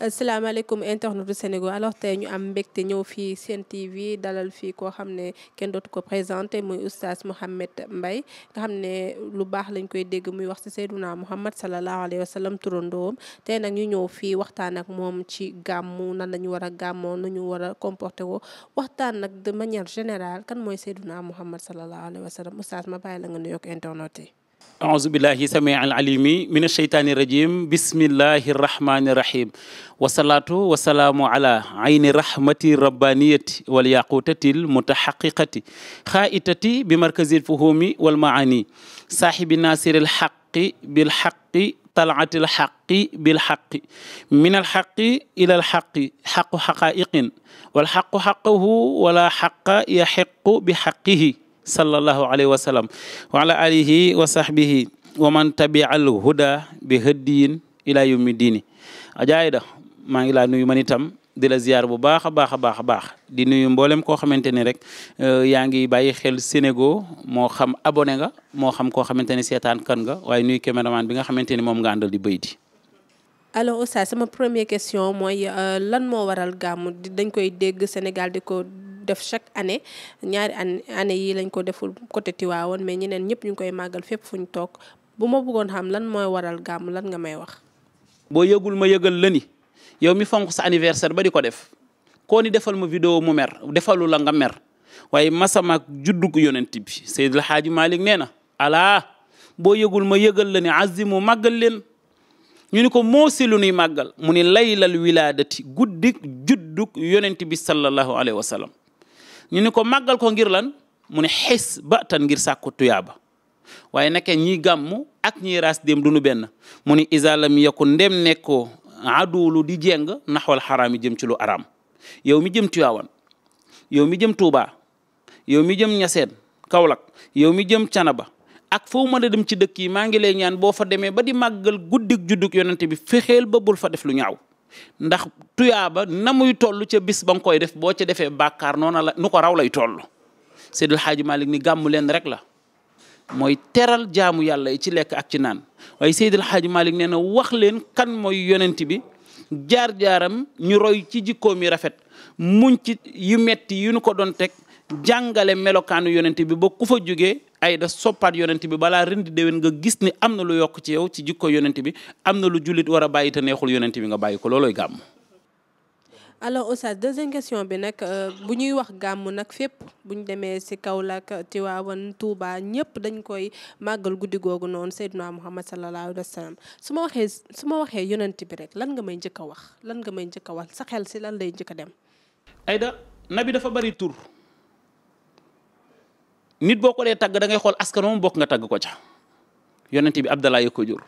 asalaamaaleykum internet du Sénégal alors tey ñu am mbégte ñëw fii Sen TV dalal fii koo xam ne kenn dootu ko présenté muy oustaz Mouhamed mbay nga xam ne lu baax lañ koy dégg muy wax ci Seyduna Muhammad sallallahu alayhi wa sallam turandoom tey nag ñu ñëw fii waxtaan ak moom ci gaam nan la ñu war a gàmmoo na ñu war a comporté woo waxtaan nag de manière générale kan mooy Seyduna Muhammad sallallahu alayhi wa sallam oustaz ma bàyyi la nga nuyoog internet yi. aousubillahi sami alalimi min asheytaani irajim bismillahi irrahmani irrahim wasalaatu wasalaamu ala ayni rahmati rabbaniyati walyaqutatil mutahaqiqati xaaitati bi markazil fuhumi walmaani saahibi nasiril xaqi bilxaqi talaatil xaqi bilxaqi min alxaqi ila alxaqi xaqu xaqaiqin walxaqu xaqahu wala xaqa yaxiqu bi xaqihi sallallahu alayhi wa sallam wa ala alihi wa sahbihi wa man tabi'al huda bi hëddiyin ila yawmi diini ajaayida maa ngi laa nuyu man itam di la ziar bu baax a baax a baax a baax di nuyu mboolem koo xamante ni rek euh, yaa ngi bàyyi xel Sénégo mo xam abonné nga moo xam koo xamante ni seetaan kan nga waaye nuyu caméraman bi nga xamante ni moom nga àndal di béy di. alors Oustaz sama première question mooy euh, lan moo waral gàmmu dañ koy dégg Sénégal di ko. def chaque année ñaari année yii lañ ko deful côté Tivaouane mais ñeneen ñëpp ñu ngi koy màggal fépp fu ñu toog bu ma bëggoon xam lan mooy waral gàmm lan nga may wax. boo yëgul ma yëgal lani ni yow mi fonk sa anniversaire ba di ko def koo ni defal ma vidéo mu mer defalu la nga mer waaye masa juddug yonent yonentibi Seydil Hadji Malick nee na alaa boo yëgul ma yëgal la ni azimu màggal leen. ñu ni ko moo si lu nuy màggal mu ni laylal wilaadati guddik judduk yonent bi sallallahu alayhi wa sallam ñu ni ko màggal ko ngir lan mu ne xees ba tan ngir sàkku ba waaye nekkee ñi gàmm ak ñiy raas dem du nu benn mu ni isa lam yakun ndem nekkoo aduulu di jeng naxwal xaraam jëm ci lu araam yow mi jëm Tiwaawan yow mi jëm tuuba yow mi jëm Ñaseen kawlak yow mi jëm Canaba ak foo mën a dem ci dëkk yi maa ngi lay ñaan boo fa demee ba di màggal guddik judduk yonente bi fexeel ba bul fa def lu ñaaw ndax tuyaaba na muy toll ca bis ba koy def boo ca defee bàkkaar noona la nu ko raw lay toll Seydil Xaaji Malik ni gàmmu leen rek la mooy teral jaamu yàlla yi ci lekk ak ci naan waaye Seydil Xaaji Malik nee na wax leen kan mooy yonent bi jaar-jaaram ñu roy ci jikkoom yi rafet muñ yu metti yu nu ko doon teg jàngale melokaanu yonent bi ba ku fa jógee ayda soppaat yonent bi balaa ren di déwén nga gis ni am na lu yokk ci yow ci jikko yonent bi am na lu jullit war a bàyyi te neexul yonent bi nga bàyyi ko loolooy gàmm. alors Oustaz deuxième question bi nag euh, bu ñuy wax gàmm nag fépp bu ñu demee si Kaolack Tiwaawan Touba ñëpp dañ koy màggal guddi googu noonu Seydina Muhammad sallallahu alayhi wa sallam su ma waxee su ma waxee yonent bi rek lan nga may njëkk a wax lan nga may njëkk a wax sa xel si lan lay njëkk a dem. Ayda nabi dafa bari tur. nit boo ko dee tagg da ngay xool askan moom bokk nga tagg ko ca yonent bi Abdallah ko jur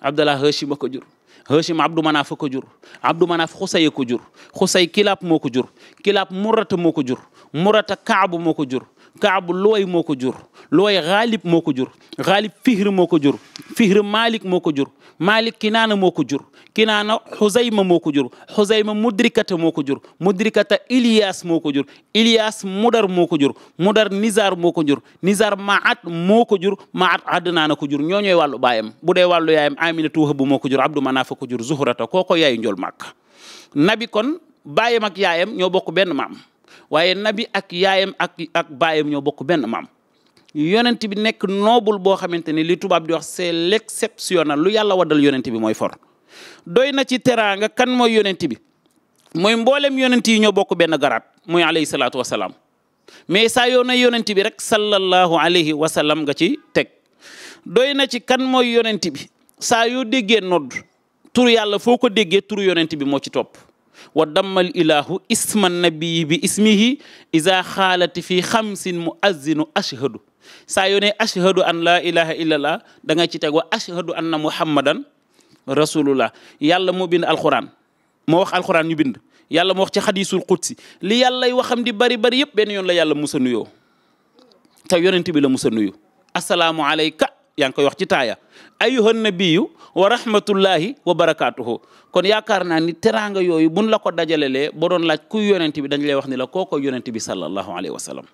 Abdallah Hashim ko jur Hashim Abdou Manaf ko jur Abdou Manaf Xusay ko jur Xusay Kilaab moo ko jur Kilaab Murata moo ko jur Murata Kaabu moo ko jur kaabu looy moo ko jur looy xaalib moo ko jur xaalib moo ko jur fihri malik moo ko jur malik kinaana moo ko jur kinaana xuzayma moo ko jur mudrikata moo ko jur mudrikata ilias moo ko jur ilias mudar moo ko jur mudar nizar moo ko jur nizar maat moo ko jur maat adnaana ko jur ñoo ñooy wàllu baayam bu dee wàllu yaayam ko jur abdu manaafa ko zuhrata kooko yaayu njol màkk nabi kon baayam ak yaayam ñoo bokk benn maam waaye nabi ak yaayam ak ak baayam ñoo bokk benn maam yonent bi nekk noobul boo xamante ni li tubaab di wax c'est l'exceptionnel lu yàlla waddal yonent bi mooy for doy na ci teraanga kan mooy yonent bi mooy mboolem yonent yi ñoo bokk benn garaat muy alayhi salaatu wasalaam mais saa yoona yonent bi rek sallallahu alayhi wa sallam nga ci teg doy na ci kan mooy yonent bi saa yoo déggee nodd tur yàlla foo ko déggee tur yonent bi moo ci topp wa dammal ilahu isma nabii bi ismihi isa xaalati fi xamsin mu azinu ashhadu saa yoo ne ashhadu an laa ilaha illallah da nga ci teg wa ashhadu anna muhammadan rasulullah yàlla moo bind alquran moo wax alquran ñu bind yàlla moo wax ci xadisul qudsi li yàllay waxam di bari bari yëpp benn yoon la yàlla musa nuyoo te yonent bi la musa nuyu asalaamu alayka yaa ngi koy wax ci taaya ayyuhan nabiyyu wa rahmatullahi wa barakaatuhu kon yaakaar naa ni teraanga yooyu buñ la ko dajalelee ba doon laaj kuy yonent bi dañ lay wax ni la kooko yonent bi sallallahu alayhi wa sallam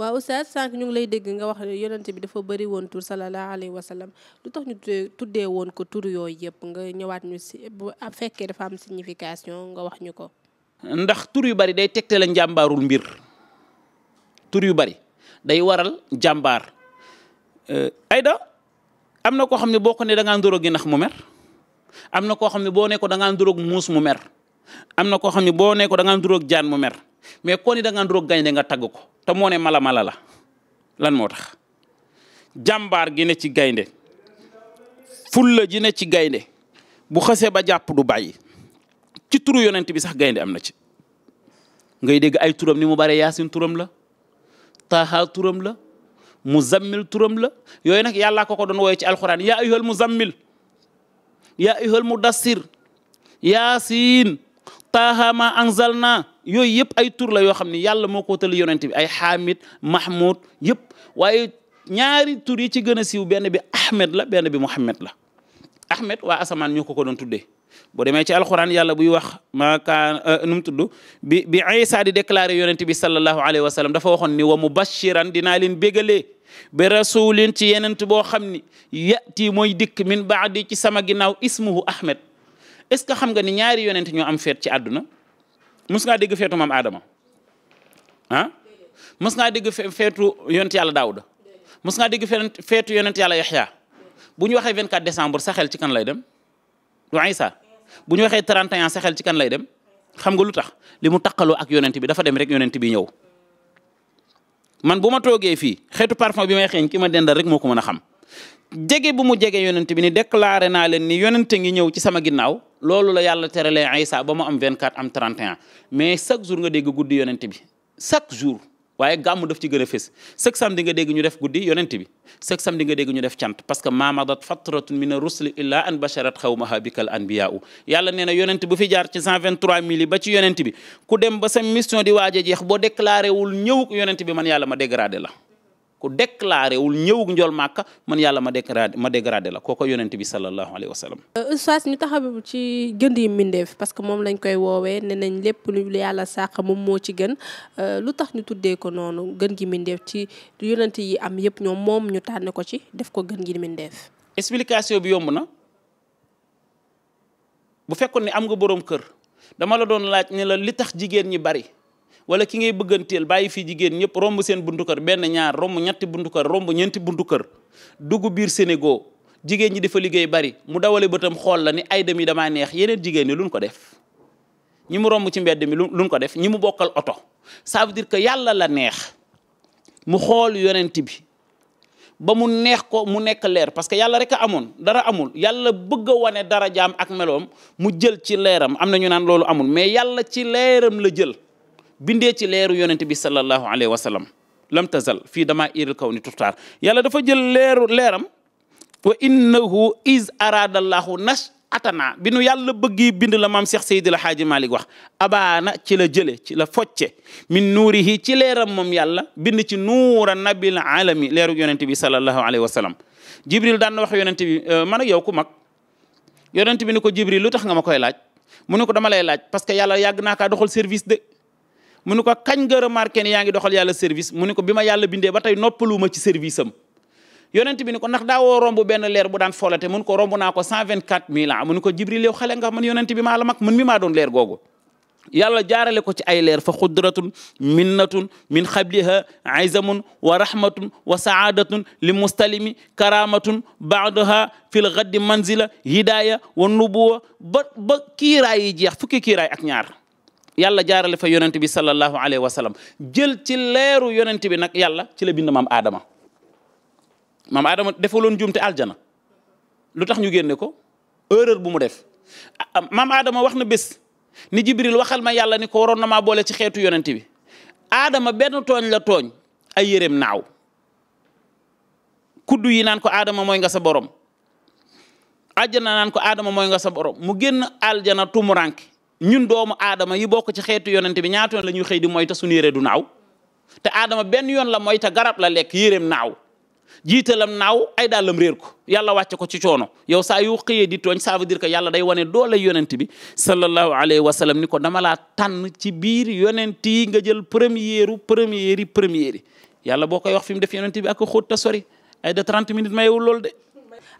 waaw oustaz sànq ñu ngi lay dégg nga wax yonent bi dafa bari woon tur sallallahu alayhi wa sallam lu tax ñu tuddee woon ko tur yooyu yëpp nga ñëwaat ñu si bu fekkee dafa am signification nga wax ñu ko ndax tur yu bari day tegtale njàmbaarul mbir tur yu bari day waral jàmbaar euh, am na koo xam ne boo ko ne da ngaa gi nax mu mer am na koo xam ne boo ne ko da ngaa muus mu meer am na koo xam ne boo ne ko da ngaa nduróog jaan mu mer mais koo gaynde nga tagg ko te moo ne mala mala la lan moo tax jàmbaar gi ne ci gaynde fulla ji ne ci gaynde bu xasee ba jàpp du bàyyi ci turu yonent bi sax gaynde am na ci ngay dégg ay turam ni mu bare yaasin turam la taaxaa turam la muzammil turam la yooyu nag yàllaa ko ko doon wooye ci alxuraan yaa ayyuhal muzammil yaa ayyuhal mudassir yaasiin taaha ma anzalna yooyu yëpp ay tur la yoo xam ne yàlla moo ko tëli bi ay Hamid Mahmoud yëpp waaye ñaari tur yi ci gën a siiw benn bi Ahmed la benn bi Mouhamed la Ahmed waa asamaan ñoo ko ko doon tuddee boo demee ci alxuraan yàlla buy wax ma kaan euh, nu mu tudd bi bi Isa di déclaré yonent bi sallallahu alayhi wa dafa waxoon ni wa mubashiran dinaa leen bi rasulin ci yenent boo xam ni yati mooy dikk min di ci sama ginnaaw ismuhu ahmed est ce que xam nga ni ñaari yonent ñoo am feet ci àdduna mus ngaa dégg feetu maam aadama a ah? mus ngaa dégg feetu yonent yàlla mus ngaa dégg feetu yonent yàlla yaxya bu ñu waxee 24 décembre sa ci kan lay dem du isa bu ñu waxee 31 sa xel ci kan lay dem xam nga lu tax li mu taqaloo ak yonent bi dafa dem rek yonent bi ñëw man bu ma toogee fii xeetu parfum bi may xeeñ ki ma dendal rek moo ko mën a xam jege bu mu jegee yonent bi ni déclaré naa leen ni yonent ngi ñëw ci sama ginnaaw loolu la yàlla teralee Aïssa ba mu am 24 am 31 mais chaque jour nga dégg guddi yonent bi chaque jour. waaye gàmm def ci gën a fés chaque samedi nga dégg ñu def guddi yonent bi chaque samedi nga dégg ñu def cant parce que maamadat fatratun min ar-rusli illa an basharat xawmaha bikal anbiyaa'u yàlla nee na yonent bu fi jaar ci 123000 yi ba ci yonent bi ku dem ba sa mission di waaj a jeex boo déclaré wul ñëw yonent bi man yàlla ma dégradé la ku déclaré wul ñëwug njool màkka man yàlla ma dégradé ma dégradé la kooko yonent bi sallallahu alayhi wa sallam euh, oustaz ñu taxaw ci gën yi mbindeef parce que moom lañ koy woowee ne nañ lépp lu yàlla sàq moom moo ci gën euh, lu tax ñu tuddee ko noonu gën gi mbindeef ci yonent yi am yëpp ñoom moom ñu tànn ko ci def ko gën gi mbindeef explication bi yomb na bu fekkoon ne am nga boroom kër dama la doon laaj ne la li tax jigéen ñi bari wala ki ngay bëgganteel bàyyi fii jigéen ñëpp romb seen buntu kër benn ñaar romb ñetti buntu kër romb ñeenti buntu kër dugg biir Sénégal jigéen ñi dafa liggéey bari mu dawale bëtam xool la ni ay dem yi damaa neex yeneen jigéen ñi luñ ko def ñi mu romb ci mbedd mi luñ ko def ñi mu bokkal oto ça veut que yàlla la neex mu xool yonent bi ba mu neex ko mu nekk leer parce que yàlla rek a amoon dara amul yàlla bëgg a wane dara jaam ak meloom mu jël ci leeram am na naan loolu amul mais yàlla ci leeram la jël bindee ci leeru yonent bi sallallahu alayhi wa sallam lam tazal fii damaa iril kaw ni tuftaar yàlla dafa jël leeru leeram wa innahu is aradallahu nash atana bi nu yàlla bëggee bind la maam Cheikh Seydil Haaji Malick wax abaana ci la jële ci la focce min nuurihi ci leeram moom yàlla bind ci nuura nabi alami leeru yonent bi sallallahu alayhi wa sallam jibril daan na wax yonent bi euh, man yow ku mag yonent bi ko jibril lu tax nga ma koy laaj mu ko dama lay laaj parce que yàlla mu ko kañ nga remarqué ne yaa ngi doxal yàlla service mu ni ko bi ma yàlla bindee ba tey noppaluma ci service am yonent bi ni nax ndax daawoo romb benn leer bu daan folate mun ko romb naa ko cent vingt quatre mille ans ko jibril yow xale nga man yonent bi la mag man mi maa doon leer googu yàlla jaarale ko ci ay leer fa xudratun minnatun min xabliha izamun wa rahmatun wa saadatun li mustalimi karamatun baadaha fil gaddi manzila hidaya wa nubuwa ba ba kiiraay yi jeex fukki kiiraay ak ñaar yàlla jaarale fa yonent bi sallallahu alayhi wa sallam jël ci leeru yonent bi nag yàlla ci la bind mam Adama maam Adama defaloon juumte aljana lu tax ñu génne ko erreur bu mu def maam Adama wax na bés ni Jibril waxal ma yàlla ni ko waroon na maa boole ci xeetu yonent bi Adama benn tooñ la tooñ ay yéreem naaw kuddu yi naan ko Adama mooy nga sa borom. àjjana naan ko Adama mooy nga sa borom mu génn aljana tumuranke ñun doomu adama yi bokk ci xeetu yonente bi ñaata yoon la ñuy xëy di du naaw te aadama benn yoon la mooy te garab la lekk yéreem naaw jiitalam naaw ay dàllam réer ko yàlla wàcce ko ci coono yow saa yu xëyee di tooñ ça veut dire que yàlla day wane doole yonent bi sallallahu alayhi wa sallam ni ko dama laa tànn ci biir yonent yi nga jël première première yi première yi yàlla boo koy wax fi mu def yonent bi ak xóot ta ay de 30 minutes mayewul loolu de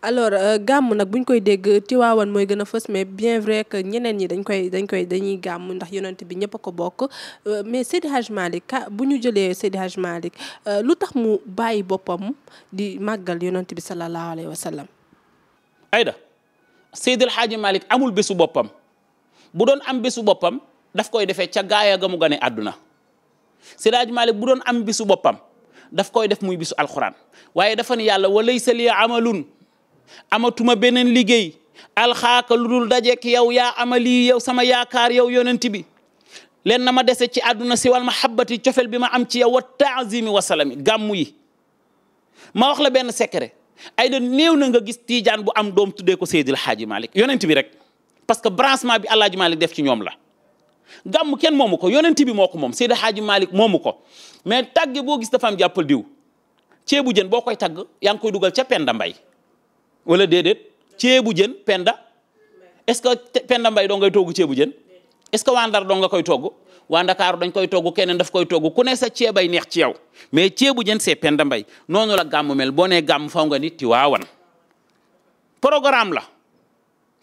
alors euh, gàmm nag bu ñu koy dégg Tiwaawan mooy gën a fës mais bien vrai que ñeneen ñi dañ koy dañ koy dañuy gàmm ndax yonent bi ñëpp ko bokk euh, mais Seydi Hadj Malick ka bu ñu jëlee Seydi Hadj Malick euh, lu tax mu bàyyi boppam di màggal yonent bi sallallahu alayhi wa sallam. ayda Seydi amul bésu boppam bu doon am bésu boppam daf koy defee ca gaaya ga gane àdduna Seydi El Hadj bu doon am bésu boppam daf koy def muy bésu alxuraan waaye dafa yàlla wa laysa amalun amatuma beneen liggéey alxaaka lu dul dajeek yow yaa amali yow sama yaakaar yow yonent bi leen na ma dese ci àdduna si ma mahabbati cofel bi ma am ci yow wa taazimi wa salami gàmmu yi ma wax la benn secret ay da néew na nga gis tiijaan bu am doom tuddee ko Seydil Hadji malik yonent bi rek parce que branchement bi Alaaji Malick def ci ñoom la gàmm kenn moomu ko yonent bi moo ko moom Seydil Hadji Malick moomu ko mais tàgge boo gis dafa am jàppal diw ceebu jën boo koy tagg yaa ngi koy dugal ca Penda Mbay wala déedéet ceebu jën penda est-ce que penda mbay doo ngay togg ceebu jën est-ce que waa Ndar doo nga koy togg waa Ndakaaru dañ koy togg keneen daf koy togg ku ne sa ceebay neex ci yow mais ceebu jën se penda mbay noonu la gàmm boo nee gàmm faw nga nit ti waawan programme la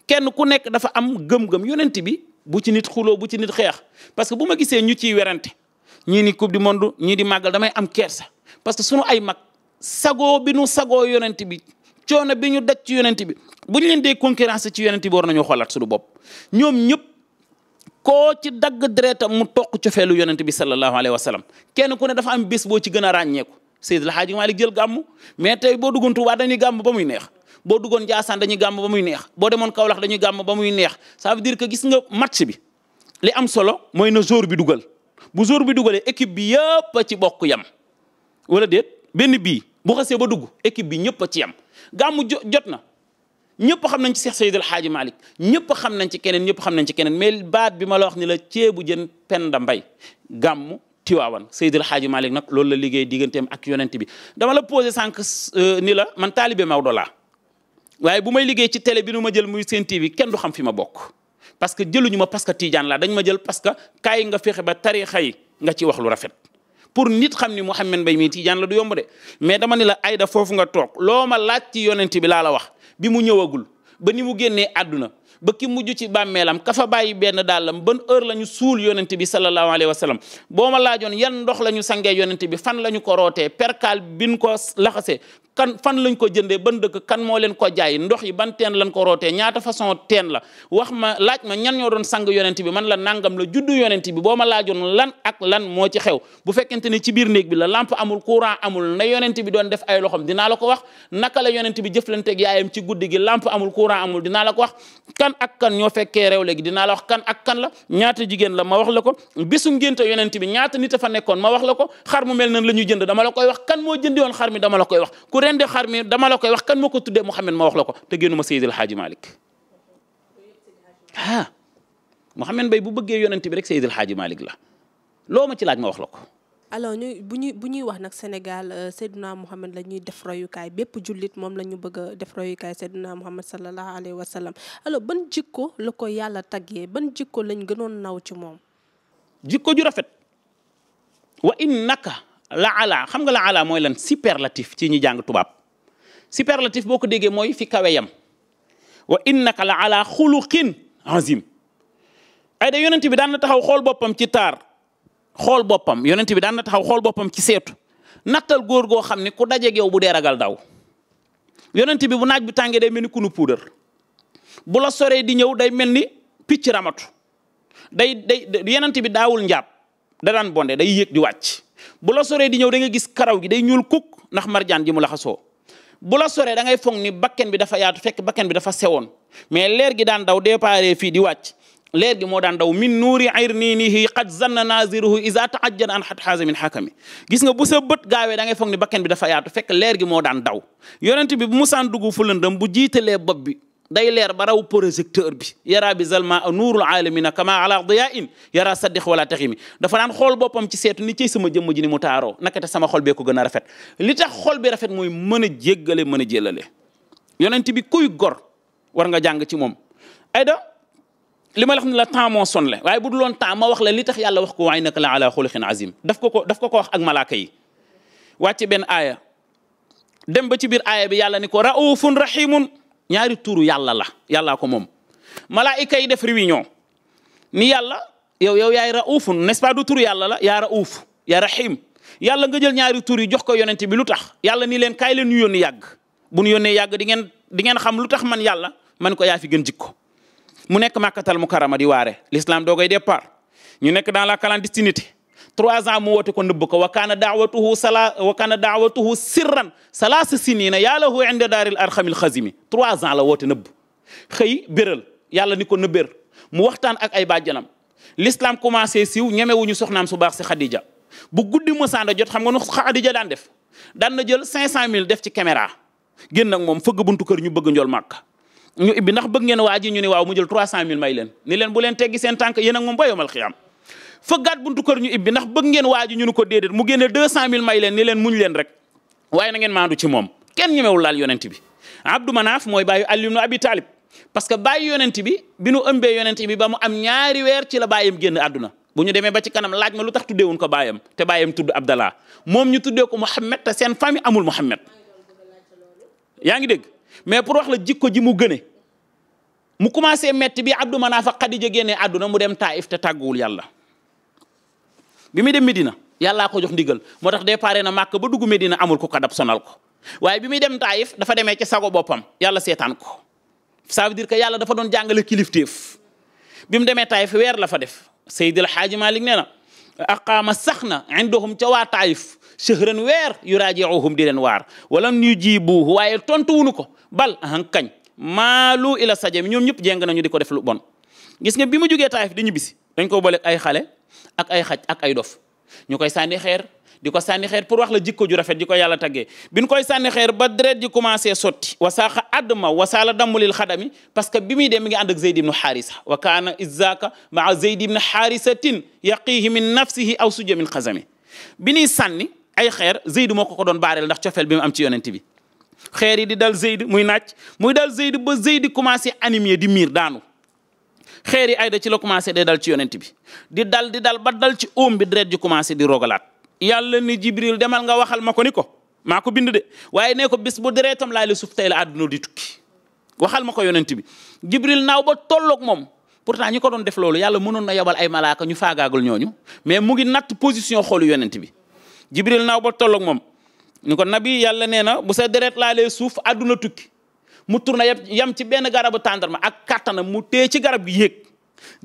kenn ku nekk dafa am gëm-gëm yonent bi bu ci nit xuloo bu ci nit xeex parce que bu ma gisee ñu ciy werante ñii ni coupe du monde ñii di màggal damay am kersa parce que sunu ay mag sago bi nu sagoo coono bi ñu daj ci yonent bi bu ñu leen dee concurrence ci yonent bi war nañoo xoolaat suñu bopp ñoom ñëpp koo ci dagg deretam mu toq cofeelu yonent bi sallallahu alayhi wa sallam kenn ku ne dafa am bés boo ci gën a ràññeeku Seydil Haaji Maalik jël gàmm mais tey boo duggoon Tuubaa dañuy gàmm ba muy neex boo duggoon Njaasaan dañuy gàmm ba muy neex boo demoon Kaolack dañuy gàmm ba muy neex ça veut dire que gis nga match bi li am solo mooy na jour bi dugal bu jour bi dugalee équipe bi yëpp a bokk yam wala déet benn bii bu xasee ba dugg équipe bi ñëpp a ci yam gàmmu jot na ñëpp xam nañ ci Cheikh Seydil Hadji Malick ñëpp xam nañ ci keneen ñëpp xam nañ ci keneen mais baat bi ma la wax ni la ceebu jën Penda Mbaye gàmmu Tiwaawan Seydil xaaj Malick nag loolu la liggéey digganteem ak yonent bi dama la posé sànq euh, ni la man taalibe Maodo laa waaye bu may liggéey ci télé bi nu ma jël muy Sen TV kenn du xam fi ma bokk parce que jëluñu ma parce que Tidiane laa dañ ma jël parce que kaay nga fexe ba tarixa yi nga ci wax lu rafet pour nit xam ni Mouhamed mbay mii Tijaan la du yomb de mais dama ni la ayda foofu nga toog loo ma laaj ci yonent bi laa la wax bi mu ñëwagul ba ni mu génnee àdduna ba ki mujj ci bàmmeelam ka fa bàyyi benn daalam ban heure la ñu suul yonent bi sallallahu alayhi wa sallam boo ma laajoon yan ndox la ñu sangee yonent bi fan la ñu ko rootee perkaal bin ko laxasee kan fan lañ ko jëndee ban dëkk kan moo leen ko jaay ndox yi ban teen lañ ko roote ñaata façon teen la wax ma laaj ma ñan ñoo doon sang yonent bi man la nangam la juddu yonent bi boo ma laajoon lan ak lan moo ci xew bu fekkente ne ci biir néeg bi la lampe amul courant amul na yonent bi doon def ay loxom dinaa la ko wax naka la yonent bi gi yaayam ci guddi gi lampe amul courant amul dinaa la ko wax kan ak kan ñoo fekkee réew léegi dinaa la wax kan ak kan la ñaata jigéen la ma wax la ko bisu ngénte yonent bi ñaata nit a fa nekkoon ma wax la ko xar la ñuy jënd dama la koy wax kan moo jëndi woon dama la koy wax rendi xar mi dama la koy wax kan ma ko tuddee Mouhamed ma wax la ko te génnuma Seydil Hadji Malick ah Mouhamed Mbaye bu bëggee yonent bi rek Seydil Hadji malik la loo ma ci laaj ma wax la ko. alo bu ñuy bu ñuy wax nag Sénégal euh, Seydina Mouhamed la ñuy def royukaay bépp jullit moom la ñu bëgg a def royukaay Seydina Mouhamed sallallahu alayhi wa sallam alors ban jikko la ko yàlla yee ban jikko lañ gënoon naw ci moom. jikko ju rafet wa innaka la ala xam nga la ala mooy lan superlatif ci ñi jàng tubaab superlatif boo ko déggee mooy fi kawe yam wa innaka la ala xuluqin azim ay da yonent bi daan na taxaw xool boppam ci taar xool boppam yonent bi daan na taxaw xool boppam ci seetu nattal góor goo xam ne ku dajeeg yow bu dee ragal daw yonent bi bu naaj bi tàngee day mel ni kunu puudar bu la soree di ñëw day mel ni picc ramatu day day bi daawul njaab da daan bonde day yéeg di wàcc bu la soree di ñëw da nga gis karaw gi day ñuul kuk ndax marjaan ji mu laxasoo bu la soree da ngay foog ni bakken bi dafa yaatu fekk bakken bi dafa sewoon mais leer gi daan daw déparé fii di wàcc leer gi moo daan daw min nuuri irniinihi qad zanna naziruhu isa taajjana an xat xaasa min xakami gis nga bu sa bët gaawee da ngay foog ni bakken bi dafa yaatu fekk leer gi moo daan daw yonent bi bu musaan dugg fu lëndëm bu jiitalee bopp bi day leer ba raw projecteur bi yara bi zalma nuurul alamina kama ala diya in yara saddix wala taximi dafa daan xool boppam ci seetu ni ci sama jëmm ji ni mu taaroo naka te sama xol bee ko gën a rafet li tax xol bi rafet mooy mën a jéggale mën a jélale yonent bi kuy gor war nga jàng ci moom ayda li ma la wax ne la temps moo sonle waaye bu dul woon temps ma wax la li tax yàlla wax ko waay naka la ala xuluqin azim daf ko ko ko ko wax ak malaaka yi wàcc benn aaya ñaari tuuru yàlla la yàllaa ko moom malaayika yi def réunion ni yàlla yow yow yaay raufun n'est-ce pas du tuuru yàlla la yaa rauf yaa rahim yàlla nga jël ñaari tuur yi jox ko yonent bi lu tax yàlla ni leen kaay leen ñu yónni yàgg bu ñu yónnee yàgg di ngeen di xam lu tax man yàlla man ko yaa fi gën jikko mu nekk màkkatal mukarama di waare l'islam doo koy départ ñu nekk dans la clandestinité trois ans mu woote ko nëbb ko wa kaana daawatuhu sala wa kaana daawatuhu sirran salaasa sinina yàlla hu inda daaril arxamil xazimi trois ans la woote nëbb xëy béral yàlla ni ko nëbbér mu waxtaan ak ay bàjjanam l'islam commencé siiw ñemewuñu soxnaam su baax si Khadija bu guddi mësaanda jot xam nga nu Khadija daan def daan na jël cinq cent mille def ci caméra génn ak moom fëgg buntu kër ñu bëgg njool màkk ñu ibbi ndax bëgg ngeen waa ji ñu ne waaw mu jël trois cent mille may leen ni leen bu fëggaat buntu kër ñu ibbi nax bëgg ngeen waaji ñu nu ko déedéet mu génne 200000 may leen ni leen muñ leen rek waaye na ngeen maandu ci moom kenn ñemewul laal yonent bi Abdou Manaf mooy bàyyi Ali ibn Abi Talib parce que bàyyi yonent bi bi nu ëmbee yonent bi ba mu am ñaari weer ci la bàyyam génn àdduna bu ñu demee ba ci kanam laaj ma lu tax tuddeewuñ ko bàyyam te bàyyam tudd Abdallah moom ñu tuddee ko Mouhamed te seen famille amul Mouhamed yaa ngi dégg mais pour wax la jikko ji mu gëne mu commencé metti bi Abdou Manaf ak Khadija génnee àdduna mu dem Taif te tàgguwul yàlla bi muy dem Medina yàllaa ko jox ndigal moo tax déparé na Màkka ba dugg Medina amul ku ko dab sonal ko waaye bi muy dem Taïf dafa demee ci sago boppam yàlla seetaan ko ça veut dire yàlla dafa doon jàngale kilifteef bi mu demee Taïf weer la fa def Seydil Xaaji Malik nee na aqaama sax na indahum ca waa Taïf shahran weer yuraajiuhum di leen waar walam ñu jiibuuhu waaye tontu wunu ko bal ahan kañ maalu ila sajam ñoom ñëpp jéng nañu di ko def lu bon gis nga jógee Taïf di ñibbisi dañ ko boole ay xale ak ay xaj ak ay dof ñu koy sànni xeer di ko sànni xeer pour wax la jikko ju rafet di ko yàlla taggee bi ñu koy sànni xeer ba deret ji commencé sotti wasaaxa addma wasaala dammulil xadami parce que bi muy dem mi ngi ànd ak zeyd ibnu xaarisa wa kaana izaka maa zeyd ibnu xaarisatin yaqihi min nafsihi aw suja min xasami bi ñuy sànni ay xeer zeyd moo ko ko doon baareel ndax cofeel bi mu am ci yonent bi xeer yi di dal zeyd muy naaj muy dal zeyd ba zeyd commencé animé di miir daanu xeer yi ayda ci la commencé day dal ci yonent bi di dal di dal ba dal ci óom bi deret ji commencé di rogalaat yàlla ni jibril demal nga waxal ma ko ni ko maa ko bind de waaye nee ko bis bu dereetam laa li suuf tey la àdduna di tukki waxal ma ko yonent bi jibril naaw ba tolloog moom pourtant ñi ko doon def loolu yàlla mënoon na yabal ay malaaka ñu faagaagul ñooñu mais mu ngi natt position xoolu yonent bi jibril naaw ba tolloog moom ni ko nabi yàlla nee na bu sa deret laalee suuf àdduna tukki mu tourné yam ci benn garabu ma ak kàttanam mu téye ci garab gi yéeg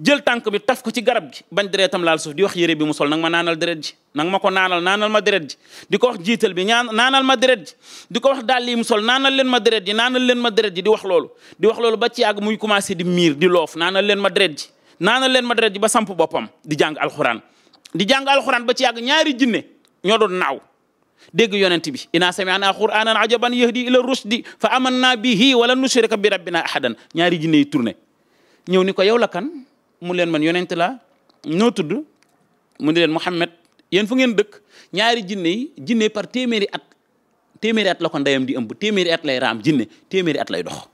jël tànk bi taf ko ci garab gi ban deretam laal suuf di wax yére bi mu sol nag ma naanal deret ji nag ma ko naanal naanal ma deret ji di wax jiital bi ñaan naanal ma deret ji di ko wax daal mu sol naanal leen ma deret ji naanal leen ma deret ji di wax loolu di ba ci yàgg muy commencé di miir di loof naanal leen ma deret ji naanal leen ma deret ji ba sampu boppam di jàng alxuraan di jàng alxuraan ba ci yàgg ñaari jinne ñoo naw dégg yonent bi inaa sami'naa qur'aanan ajaban yahdi ila rushdi fa amannaa bihi wala nushrika bi rabbinaa ahadan ñaari jinne yi ñëw ni ko yow la kan mu leen man yonent la noo tudd mu ni leen Muhammad yéen fu ngeen dëkk ñaari jinne yi par téeméeri at téeméeri at la ko ndeyam di bu téeméeri at lay raam jinne téeméeri at lay dox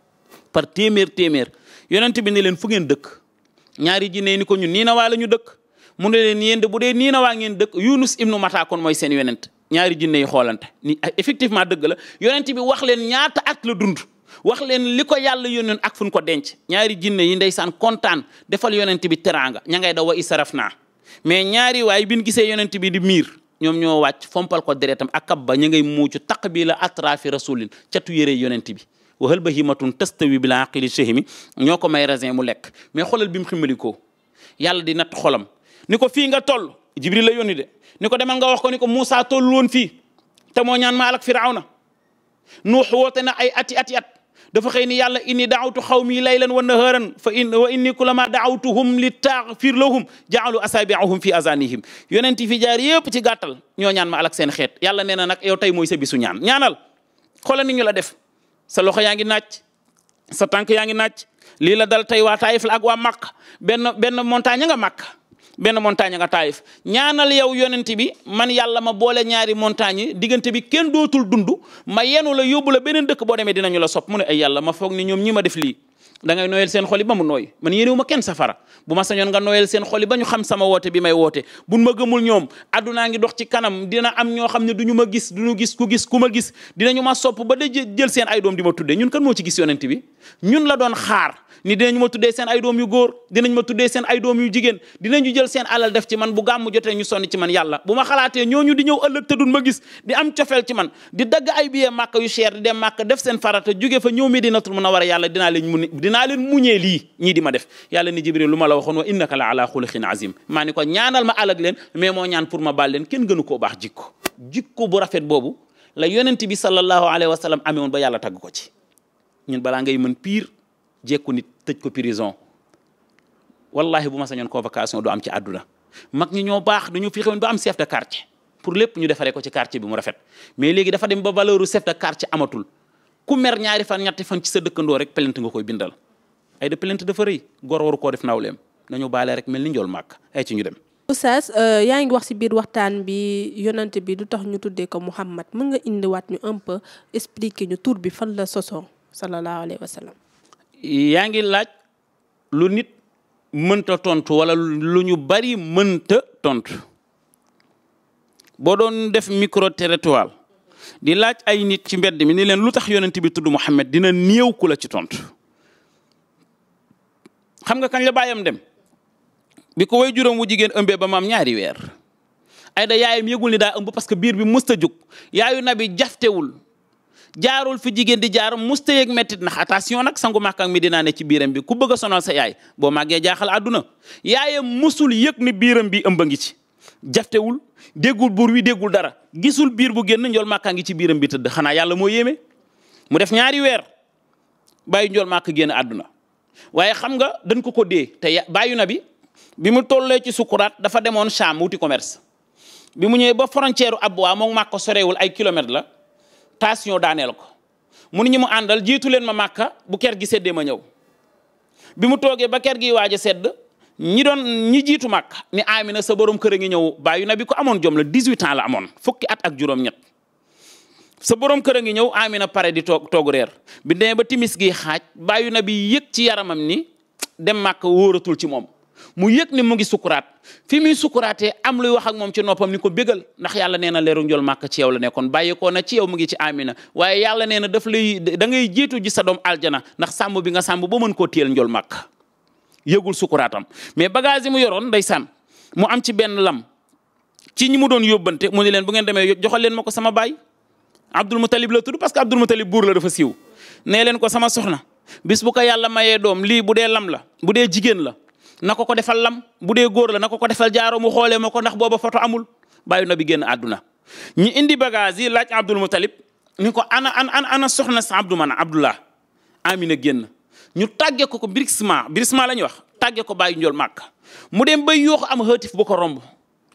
par téeméer téeméer yonent bi ne leen fu ngeen dëkk ñaari jinne yi ni ko ñun nii na ñu dëkk mu ne leen yéen de bu dee nii na waa ngeen dëkk Yunus ibnu Mata kon mooy seen yonent ñaari jinne yi xoolante ni ah, effectivement dëgg la yonent bi wax leen ñaata at la dund wax leen li ko yàlla yónneen ak fuñ ko denc ñaari jinne yi ndeysaan kontaan defal yonent bi teraanga ña ngay da wa isaraf naa mais ñaari waay bin gisee yonent bi di miir ñoom ñoo wàcc fompal ko deretam ak kab ba ña ngay muucu taq bi la atrafi rasulin catu yere yonent bi waxal ba himatun tastawi bi la aqili chahimi ñoo ko may raisin mu lekk mais xoolal bi mu ko yàlla di natt xolam ni ko fii nga toll jibril la yónni de ni ko demal nga wax ko ni ko Moussa toll woon fii te moo ñaan maal ak Firawna nuux woote na ay ati ati at dafa xëy ni yàlla inni daawtu xawmi laylan wa naharan fa in wa inni kulama daawtuhum li taxfir lahum jaalu asaabiahum fi azanihim yonent fi jaar yëpp ci gàttal ñoo ñaan ma alak seen xeet yàlla nee na nag yow tey mooy sa bisu ñaan ñaanal xoolal ni ñu la def sa loxo yaa ngi naaj sa tànk yaa ngi naaj lii la dal tey waa ak waa Màkk benn benn montagne nga Màkk benn montagne nga taayif ñaanal yow yonent bi man yàlla ma boole ñaari montagne yi diggante bi kenn dootul dundu ma yenu la yóbbu la beneen dëkk boo demee dinañu la sopp mu ne ay yàlla ma foog ni ñoom ñi ma def lii dangay ngay seen xoli ba mu nooy man yéenewu ma kenn safara bu ma sañoon nga noyel seen xoli ba ñu xam sama woote bi may woote ngi dox ci kanam dina am ñoo xam ne duñu ma gis duñu gis ku gis ku ma gis dinañu ma sopp ba da jël seen ay doom di ma tuddee ñun kan moo ci gis yonent bi ñun la doon tuddee seen ay doom yu góor dinañ ma tuddee seen ay doom yu jigéen dinañu jël seen alal def ci man bu gàmmu jotee ñu sonn ci man yàlla bu ma xalaatee ñooñu ñëw ëllëg ma gis di am cofeel ci man di dagg ay billet màkk yu cher di dem màkk def seen farata jóge fa ñëw Medinatul Munawwara yàlla dinaa leen mun naa leen muñee lii ñii di ma def yàlla ni jibril lu ma la waxoon wa innaka la ala xuluqin azim maa ko ñaanal ma alag leen mais moo ñaan pour ma baal leen kenn gënu ko baax jikko jikko bu rafet boobu la yonent bi sallallahu alayhi wa sallam amee woon ba yàlla tagg ko ci ñun balaa ngay mën piir jekku nit tëj ko prison wallahi bu ma sañoon convocation du am ci àdduna mag ñi ñoo baax dañoo fi xewoon ba am chef de quartier pour lépp ñu defaree ko ci quartier bi mu rafet mais léegi dafa ba valeur chef de amatul ku mer ñaari fan ñetti fan ci sa dëkkandoo rek plainte nga koy bindal ay de plainte dafa gor waru koo def nawleem nañu baale rek mel ni jool màkk ay ci ñu dem. Oustaz euh, yaa ngi wax ci biir waxtaan bi yonent bi du tax ñu tuddee ko Muhammad mën nga indiwaat ñu un peu ñu tur bi fan la sosoo sallallahu alayhi wa yaa ngi laaj lu nit mënta tontu wala lu ñu bari mënta tont boo doon def micro di laaj ay nit ci mbedd mi ni leen lu tax yonent bi tudd Muhammad dina néew ku la ci tontu. xam nga kam la baayam dem bi ko way juróom wu jigéen ëmbee ba maam ñaari weer Ayda yaayam yëgul ni daa ëmb parce que biir bi musta jug yaayu na nabi jaftewul jaarool fu jigéen di jaar musta yeeg mettit ndax attention nag sangu Makka ak Medina ne ci biiram bi ku bëgg a sa yaay boo màggee jaaxal àdduna yaayam musul yëg ni biiram bi ëmb ngi ci jaftewul déggul buur wi déggul dara gisul biir bu génn jool Makka ngi ci biiram bi tëdd xanaa yàlla moo yéeme mu def ñaari weer bàyyi njool Makka génn àdduna waaye xam nga dañ ko ko dee te bàyyu na bi bi mu tollee ci sukuraat dafa demoon Saam wuti commerce bi mu ñëwee ba frontière Abwa moom Makka sorewul ay kilomètres la tension daaneel ko mu ni ñu mu àndal jiitu leen ma Makka bu ker gi seddee ma ñëw bi mu toogee ba ker gi waaj a sedd ñi doon ñi jiitu Makka ni Amina sa borom kër a ngi ñëw bàyyu na bi ko amoon jom la 18 ans la amoon fukki at ak juróom-ñett sa borom kër a ngi ñëw Amina pare di toog toog reer bi demee ba timis gi xaaj bàyyu na bi yëg ci yaramam ni dem màkk wóoratul ci moom mu yëg ni mu ngi sukuraat fi muy sukuraatee am luy wax ak moom ci noppam ni ko bégal ndax yàlla nee na leeru njol màkk ci yow la nekkoon bàyyeekoo na ci yow mu ngi ci Amina waaye yàlla nee na daf lay da ngay jiitu ji sadoom doom aljana ndax sàmm bi nga sàmm boo mën koo téyel njool màkk yëgul sukuraatam mais bagage yi mu yoroon ndeysaan mu am ci benn lam ci ñi mu doon yóbbante mu ne leen bu ngeen demee joxal leen ma ko sama baay Abdul Mutalib la tudd parce que Abdul Mutalib buur la dafa siiw nee leen ko sama soxna bis bu ko yàlla mayee doom lii bu dee lam la bu dee jigéen la na ko ko defal lam bu dee góor la na ko ko defal jaaro mu xoolee ma ko ndax booba foto amul bàyyi na bi génn àdduna. ñi indi bagage yi laaj Abdul Mutalib ni ko ana ana ana soxna sa Abdou man Abdullah Amina génn ñu tàggee ko ko birisma birisma la ñuy wax tàggee ko bàyyi njool màkk mu dem bay yuuxu am xëtif bu ko romb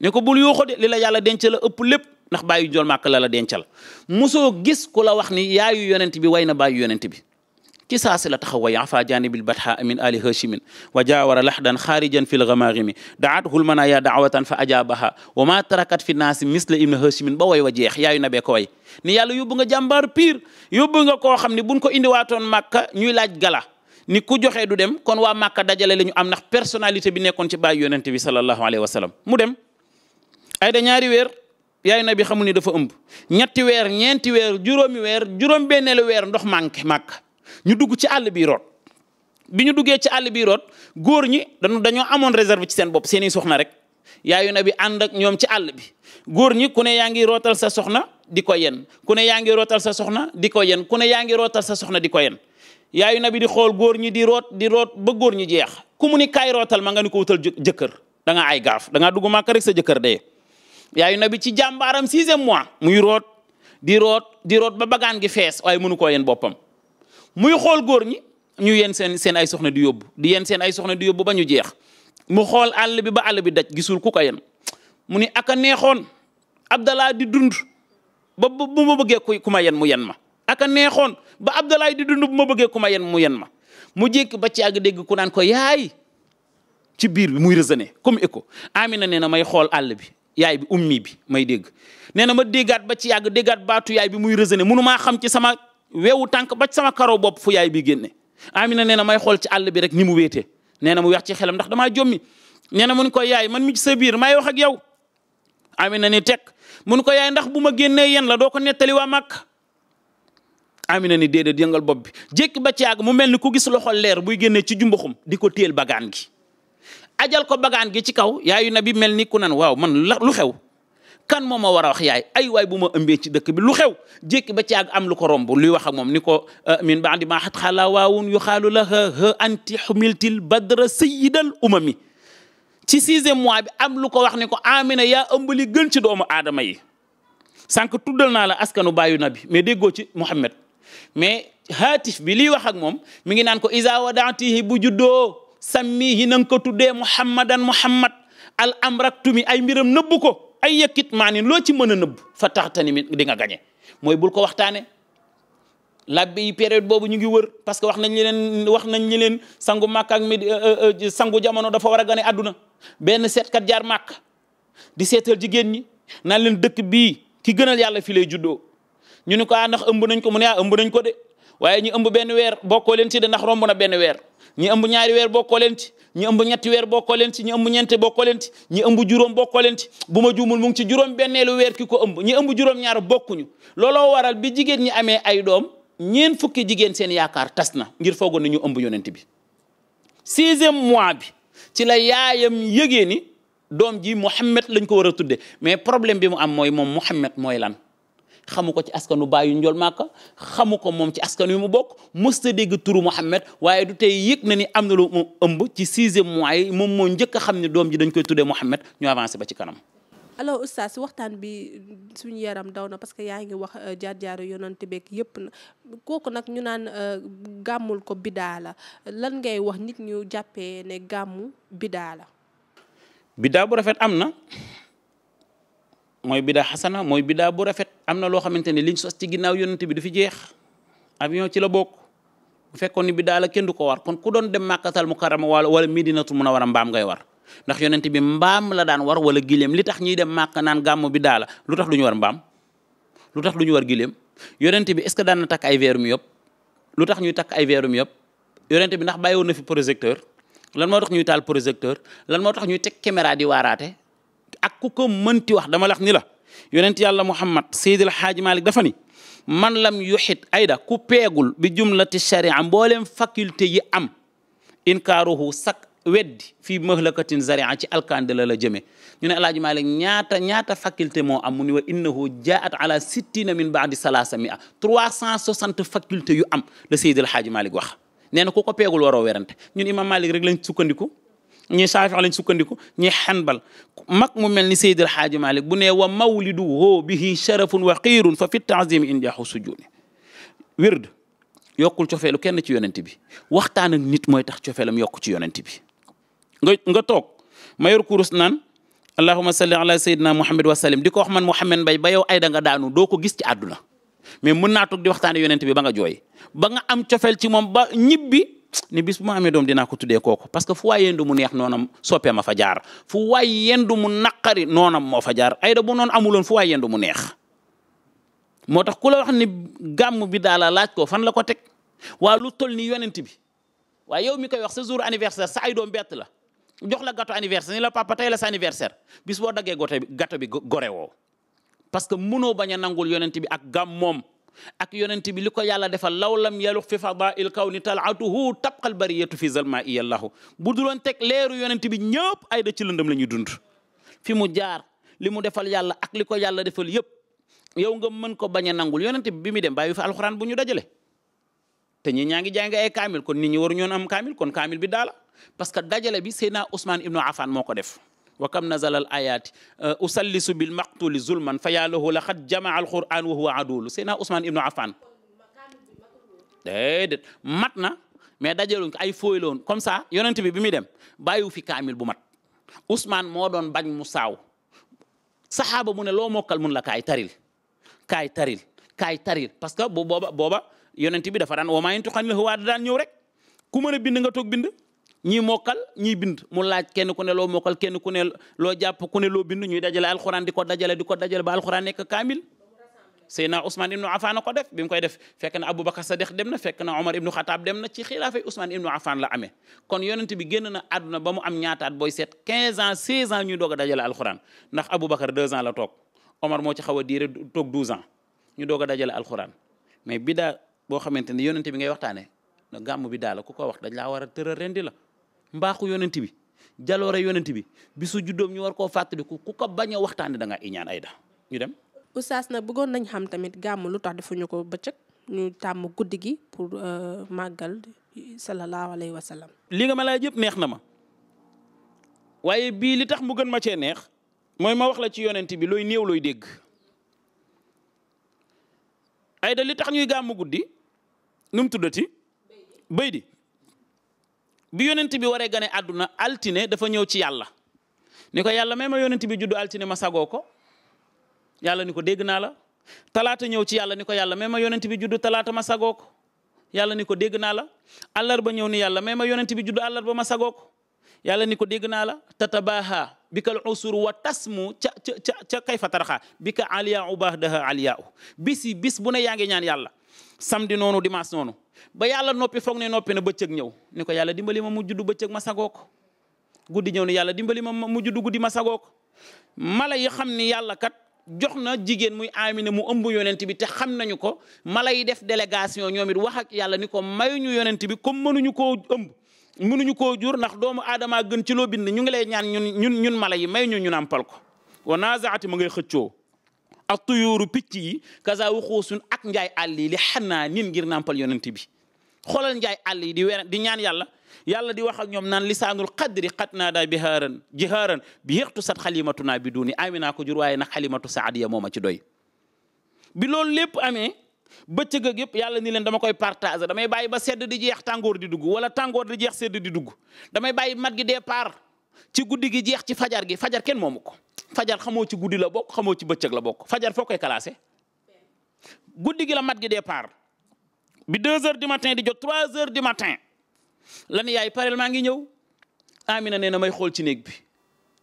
ne ko bul yuuxu de li la yàlla denc la ëpp lépp. ndax bàyyi jol màkk la la dencal mosoo gis ku wax ni yaayu yonent bi way na bàyyi yonent bi ci saasi la taxaw way afa janibil batha min ali hashimin wa jaawara lahdan xaarijan fi lgamaarimi daat hulmanaya daawatan fa ajabaha wa ma tarakat fi naasi misla ibn hashimin ba way wa jeex yaayu na bee ko way ni yàlla yóbbu nga jàmbaar pire yóbbu koo xam ne buñ ko indiwaatoon màkka ñuy laaj gala ni ku joxee du dem kon waa màkka dajale la am nax personnalité bi nekkoon ci bàyyi yonente bi sallallahu alayhi wa sallam mu dem ay yaay na bi xamul ni dafa ëmb ñetti weer ñeenti weer juróomi weer juróom benneelu weer ndox manqué màkk ñu dugg ci àll bi root bi ñu duggee ci àll bi root góor ñi dañu dañoo amoon réserve ci seen bopp seen i soxna rek yaayu bi ànd ak ñoom ci àll bi góor ñi ku ne yaa ngi rootal sa soxna di ko yen ku ne yaa ngi rootal sa soxna di ko yen ku yaa ngi rootal sa soxna di ko yen yaayu na bi di xool góor ñi di root di root ba góor ñi jeex ku mu ni kaay rootal ma nga ni ko wutal jëkkër da nga ay gaaf da ngaa dugg màkk rek sa jëkkër dee yaayu na bi ci jàmbaaram sixième mois muy root di root di root ba bagaan gi fees waaye mënu koo yéen boppam muy xool góor ñi ñu yéen seen seen ay soxna di yóbbu di yéen seen ay soxna di yóbbu ba ñu jeex mu xool àll bi ba àll bi daj gisul ku ko yéen mu ni aka neexoon Abdallah di dund ba bu ma bëggee ku ku ma yéen mu yéen ma aka neexoon ba Abdallah di dund ma bëggee ku ma yéen mu yéen ma mu jékki ba ci àgg dégg ku naan ko yaay ci biir bi muy raisonné comme écho Amina nee na may xool àll bi. yaay bi ummi bi may dégg nee na ma déggaat ba ci yàgg déggaat baatu yaay bi muy raisonné munu maa xam ci sama weewu tànk ba sama karo bopp fu yaay bi génne Amina nee na may xool ci àll bi rek ni mu wéetee nee na mu weex ci xelam ndax damaa jommi nee na mun ko yaay man mi ci sa biir may wax ak yow Amina ni teg mun ko yaay ndax bu ma génnee yéen la doo ko nettali waa màkk Amina ni déedéet yëngal bopp bi jékki ba ci yàgg mu mel ni ku gis loxo leer buy génnee ci jumbaxum di ko téel bagaan gi ajal ko bagaan gi ci kaw yaayu nabi mel ni ku nan waaw man lu xew kan moo ma war a wax yaay ay waay bu ma ëmbee ci dëkk bi lu xew jékki ba ci àgg am lu ko romb luy wax ak moom ni ko euh, min baadi ma xat xaalaa waawun yu xaalu la ha anti xumiltil badra sayidal umami ci sixième mois bi am lu ko wax ni ko amina ya ëmb li gën ci doomu aadama yi sànq tuddal naa la askanu baayu nabi mais déggoo ci Muhammad mais haatif bi liy wax moom mi ngi naan ko isa wadaatihi bu juddoo sammihi na nga ko tuddee muhammadan muhammad al amraktumi ay mbiram nëbbu ko ay yëkkit maanaam loo ci mën a nëbb fa tax tani mi di nga gañe mooy bul ko waxtaane labbe yi période boobu ñu ngi wër parce que wax nañ leen wax nañ ñi leen sangu màkk ak mi euh, euh, sangu jamono dafa war a gane àdduna benn seetkat jar màkk di seetal jigéen ñi naan leen dëkk bii ki gënal yàlla fi lay juddoo ñu ne ko ah ndax ëmb nañ ko mu ne ah ëmb nañ ko de waaye ñu ëmb benn weer boo bokkoo leen ci de ndax romb na benn weer ñi ambu ñaari weer bokkoo leen ci ñi ëmb ñetti weer bokkoo leen ci ñi ëmb ñeente bokkoo leen ci ñi ëmb juróom bokkoo leen ci bu ma juumul mu ngi ci juróom benneelu weer ki ko ëmb ñi ëmb juróom-ñaar bokkuñu looloo waral bi jigéen ñi amee ay doom ñeen fukki jigéen seen yaakaar tas na ngir foogoon ñu ëmb yonent bi sixième mois bi ci la yaayam yëgee ni doom ji Mouhamed lañ ko war a tudde mais problème bi mu am mooy moom Mouhamed mooy lan xamu ko ci askanu bàyyu njol màkka xamu ko moom ci askan yu mu bokk mësta dégg turu Mouhamed waaye du tey yëg na ni am na lu ëmb ci sixième mois moom moo njëkk a xam ne doom ji dañ koy tuddee Mouhamed ñu avancé ba ci kanam alo alors si waxtaan bi suñu yaram daw na parce que yaa ngi wax jaar euh, jaaro yonante beeg yépp na kooku nag ñu naan euh, gàmmul ko bidaa la lan ngay wax nit ñu jàppee ne gàmmu bidaa la bidaa bu rafet am na mooy bidaa xasana mooy bidaa bu rafet am na loo xamante ne liñ sos ci ginnaaw yonent bi du fi jeex avion ci la bokk bu fekkoon ni bidaa kenn du ko war kon ku doon dem màkkatal mukarrama wala wala midinatul munawwara mbaam ngay war ndax yonent bi mbaam la daan war wala gileem li tax ñuy dem màkk naan gàmmu bidaa la lu tax du ñu war mbaam lu tax du ñu war gileem yonent bi est-ce que daan na takk ay veerum yëpp lu tax ñuy takk ay veerum yëpp yonent bi ndax bàyyi woon na fi projecteur lan moo tax ñuy taal projecteur lan moo tax ñuy teg caméra di waaraate ak ku ko mënti wax dama lax ni la yonent yàlla muhammad seydil xaaji malik dafa ni man lam yuxit ayda ku peegul bi jumlati sharia mbooleem faculté yi am inkaaruhu sak weddi fii mahlakatin zaria ci alkande la la jëmee ñu ne alaaji malik ñaata ñaata faculté moo am mu ni wa innahu jaat ala sittina min baadi salaasa mia trois cent soixante faculté yu am la seydil xaaji malik wax nee na ku ko peegul waroo werante ñun imam malik rek sukkandiku ñii Saafi'i lañ sukkandiku ñii Hanbal mag mu mel ni Seydil Haaji Malik bu ne wa mawlidu hoo bihi sharafun wa xiirun fa fi taazimi injaaxu sujuuni wird yokkul cofeelu kenn ci yonent bi waxtaan ak nit mooy tax cofeelam yokku ci yonent bi nga nga toog mayor kurus naan allahuma salli ala sayyidina muhammad wa sallim di ko wax man muhammad mbay ba yow ay da nga daanu do ko gis ci àdduna mais mun naa toog di waxtaane yonent bi ba nga jooy ba nga am cofeel ci moom ni bis bu ma amee doom dinaa ko kooku parce que fu waay yendu mu neex noonam soppee ma fa jaar fu waay yendu mu naqari noonam moo fa jaar ayda bu noonu amuloon fu waay yendu mu neex moo tax ku la wax ni gàmm bi daala laaj ko fan la ko teg waa lu tol ni yonent bi waaye yow mi koy wax sa jour anniversaire sa ay doom bett la jox la gâteau anniversaire ni la papa tey la sa anniversaire bis boo daggee gote gâteau bi gore woo parce que mënoo bañ a nangul yonent bi ak gàmm ak yonent bi li ko yàlla defal law lam yalux fi fadail kawni talaatuhu tabqal bariyatu fi zalma iyallahu bu duloon teg leeru yonent bi ñëpp ay da ci lëndëm la ñuy dund fi mu jaar li mu defal yàlla ak li ko yàlla defal yëpp yow nga mën ko bañ a nangul yonent bi bi mu dem bàyyi fa alxuraan bu ñu dajale te ñi ñaa ngi jàng ay kaamil kon ni ñu waru ñoon am kaamil kon kaamil bi daala parce que dajale bi Seydina Ousmane Ibnu Affan moo ko def wa kam nazala al ayati uh, usallisu bil maqtuli zulman fa yaa lahu laqad jamaa al wa huwa adulu seyna Ousmane ibnu Affan déedéet mat na mais dajaluñ ko ay fooy loon comme ça bi bi muy dem bàyyiwu fi kaamil bu mat Ousmane moo doon bañ mu saaw saxaaba mu ne loo mokkal mun la kaay taril kaay taril kaay taril parce que bu booba booba bi dafa daan woo maa yentu la daan ñëw rek ku mën a nga toog bind ñii mokkal ñii bind mu laaj kenn ku ne loo mokkal kenn ku ne loo jàpp ku ne loo bind ñuy dajale alxuraan di ko dajale di ko dajale ba alxuraan nekk kaamil Seydina Ousmane ibnu Affan a ko def bi mu koy def fekk na Aboubacar Sadiq dem na fekk na Omar ibnu Xataab dem na ci xilaafay Ousmane ibnu Affan la amee kon yonent bi génn na àdduna ba mu am ñaataat booy seet 15 ans 16 ans ñuy doog a dajale alxuraan ndax Aboubacar 2 ans la toog Omar moo ci xaw a diire toog 12 ans ñu doog dajale alxuraan mais bidaa boo xamante ne yonent bi ngay waxtaanee na bi daal ku ko wax dañ laa war a tëral rendi la mbaaxu yonent bi jaloore yonent bi bisu juddoom ñu war koo fàttaliku ku ko bañ a waxtaane danga ngaa iñaan ay da ñu dem oustaz nag bëggoon nañ xam tamit gàmm lu tax defuñu ko bëccëg ñu tàmm guddi gi pour euh, màggal sallallahu alayhi wa sallam li nga ma laaj yëpp neex na ma waaye bii li tax mu gën ma cee neex mooy ma wax la ci yonent bi looy néew looy dégg ay li tax ñuy gàmm guddi nu mu tuddati béy di bi yonent bi waree gane àdduna altine dafa ñëw ci yàlla ni ko yàlla may ma yonent bi juddu altine ma sagoo ko yàlla ni ko dégg naa la talaata ñëw ci yàlla ni ko yàlla may ma yonent bi juddu talaata ma sagoo yàlla ni ko dégg naa la àllarba ñëw ni yàlla may ma yonent bi juddu àllarba ma sagoo ko yàlla ni ko dégg naa la tatabaha bi kal usur wa mu ca ca ca kay fataraxa bi ka aliya u baax daha aliya u bis yi bis bu ne yaa ñaan yàlla samedi noonu dimanche noonu ba yàlla noppi foog ne noppi na bëccëg ñëw ni ko yàlla dimbali ma mu judd bëccëg ma sagoo ko guddi ñëw ni yàlla dimbali ma mu judd guddi ma sagoo ko mala yi xam ni yàlla kat jox na jigéen muy Amina mu ëmb yonent bi te xam nañu ko mala yi def délégation ñoom it wax ak yàlla ni ko mayuñu yonent bi comme mënuñu koo ëmb mënuñu koo jur ndax doomu aadama gën ci loo bind ñu ngi lay ñaan ñun ñun ñun mala yi may ñu ñu nàmpal ko wa naazaati ma ngay xëccoo ak tuyóoru picc yi kaza waxoosun ak njaay àll yi li xanaa nin ngir nàmpal yonent bi xoolal njaay àll yi di weer di ñaan yàlla yàlla di wax ak ñoom naan lisaanul qadri xat naa daa bi haaran ji haaran bi yéextu sat xalimatu naa bi duuni amee naa ko jur waaye nag xalimatu saadiya mooma ci doy bi loolu lépp amee bëccëg ak yëpp yàlla ni leen dama koy partager damay bàyyi ba sedd di jeex tàngoor di dugg wala tàngoor di jeex sedd di dugg damay bàyyi mat gi départ ci guddi gi jeex ci fajar gi fajar kenn moomu ko fajar xamoo ci guddi la bokk xamoo ci bëccëg la bokk fajar foo koy classé guddi gi la mat gi dee départ bi 2 heures du matin di jot 3 heures du matin lan yaay pareel maa ngi ñëw Amina nee na may xool ci néeg bi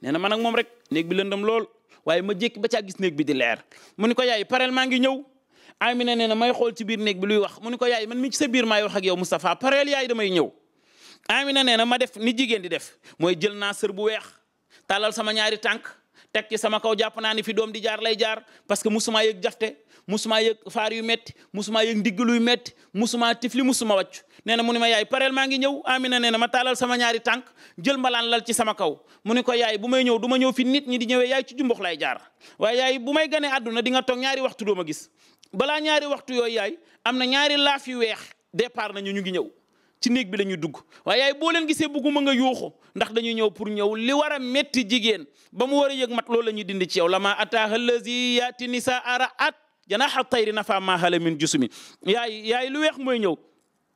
nee na man ak moom rek néeg bi lëndam lool waaye ma jékki ba caa gis néeg bi di leer mu ni ko yaay pareel maa ngi ñëw Amina nee na may xool ci biir néeg bi luy wax mu ni ko yaay man mi ci sa biir may wax ak yow Moustapha pareel yaay damay ñëw. Amina nee na ma def ni jigéen di def mooy jël naa sër bu weex tàllal sama ñaari tànk teg ci sama kaw jàpp naa ni fi doom di jaar lay jaar parce que musuma yëg jafte musuma yëg faar yu metti musuma yëg ndigg luy metti musuma tifli musuma wacc nee na mu ni ma yaay pareel maa ngi ñëw Amina nee ma taalal sama ñaari tànk jël mbalaan lal ci sama kaw mu ni ko yaay bu may ñëw duma ñëw fi nit ñi di ñëwee yaay ci jumbox lay jaar waaye yaay bu may ganee àdduna di toog ñaari waxtu doo gis balaa ñaari waxtu yooyu yaay am na ñaari laaf yu weex départ nañu ñu ngi ñëw ci néeg bi la ñuy dugg waaye yaay boo leen gisee bugguma nga yuuxu ndax dañu ñëw pour ñëw li war a métti jigéen ba mu war a yëg mat loolu la ñuy dindi ci yow la ma ataaha lazi yaati nisa ara at janaaxa tayri nafa ma hala min jusumi yaay yaay lu weex mooy ñëw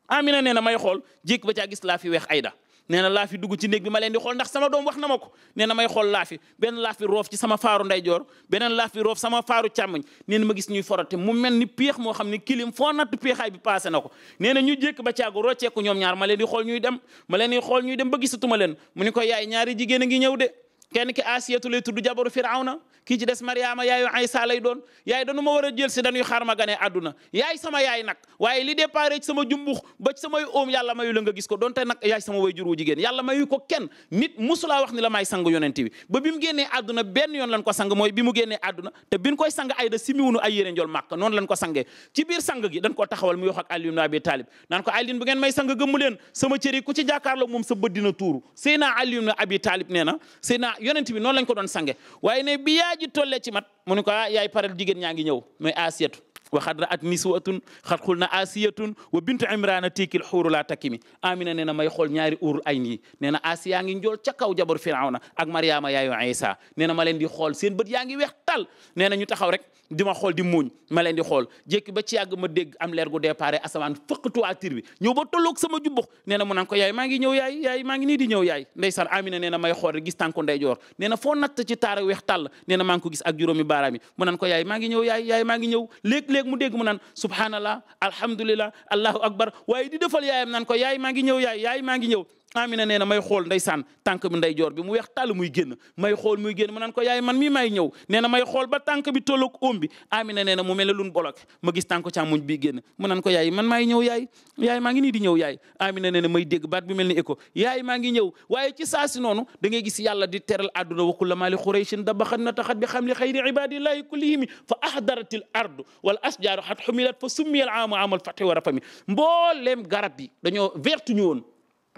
amina nee na may xool jékki ba caa gis laa fi weex ayda nee na laafi dugg ci néeg ma leen di xool ndax sama doom wax na ma ko nee na may xool laafi benn laafi roof ci sama faaru ndeyjoor beneen laafi roof sama faaru càmmoñ nee na ma gis ñuy forote mu mel ni péex moo xam ne kilim foo natt péexaay bi passé na ko nee na ñu jékk ba caagu rocceeku ñoom ñaar ma leen di xool ñuy dem ma leen di xool ñuy dem ba gisatuma leen mu nu ko yaay ñaari jigéen a ngi ñëw de kenn ki asiyatu lay tudd jabaru firawna kii des mariama yaayu aysa lay doon yaay danu ma war a jël si dañuy xaar yaay sama yaay nag waaye li déparé sama jumbux ba ci samay oom yàlla mayu la nga gis ko donte nag yaay sama way jur wu jigéen yàlla mayu ko kenn nit musulaa wax ni la may sang yonent bi ba bi mu génnee àdduna benn yoon lan ko sang mooy bi mu génnee àdduna te bin koy sang ay da simiwunu ay yére njol màkk noonu lan ko sang gi yonent bi noon lañ ko doon sange waay ne bi yaa ji tollee ci mat mu ne ko ah yaay paral jigéen ñaa ngi ñëw mooy asiyatu wa xadra at niswatun xat xul na asiyatun wa bintu imrana tiikil xuuru laa takki mi amina nee na may xool ñaari uurul ayn yi nee na asiya ngi njool ca kaw jabar firawna ak mariama yaayu isa nee na ma leen di xool seen bët yaa ngi weex tal nee na ñu taxaw rek di ma xool di muuñ ma leen di xool jékki ba ci yàgg ma dégg am leer gu départ asamaan fëq toiture bi ñëw ba tolloog sama jubbox nee na mu naan ko yaay maa ngi ñëw yaay yaay maa ngi nii di ñëw yaay ndeysaan Amina nee na may xool rek gis tànku ndeyjoor nee na foo natt ci taara weex tàll nee na maa ngi ko gis ak juróomi baaraam yi mu naan ko ngi ñëw yaay yaay maa ngi ñëw léeg-léeg mu dégg mu naan subhanallah alhamdulillah allahu akbar waaye di defal yaayam nan ko yaay maa ngi ñëw yaay yaay maa ngi ñëw Amina nee na may xool ndeysaan tànk bi ndeyjoor bi mu weex tàll muy génn may xool muy génn mu naan ko yaay man mii may ñëw nee na ba tànk bi tolloog oom bi Amina nee na mu mel ne lu mu bloqué ma gis tànk yaay man maay yaay yaay maa ngi nii di ñëw yaay Amina nee na may dégg baat bi mel ni écho yaay maa ngi ñëw waaye ci saa si noonu da ngay gis yàlla di teral àdduna wa kulla maali xuraysin dabaxat na taxat bi xam li xayri ibadillahi kullihimi fa ahdaratil ardu wal asjaaru xat xumilat fa summiyal aamu amal fatxi wa rafami mbooleem garab yi dañoo vertu ñu woon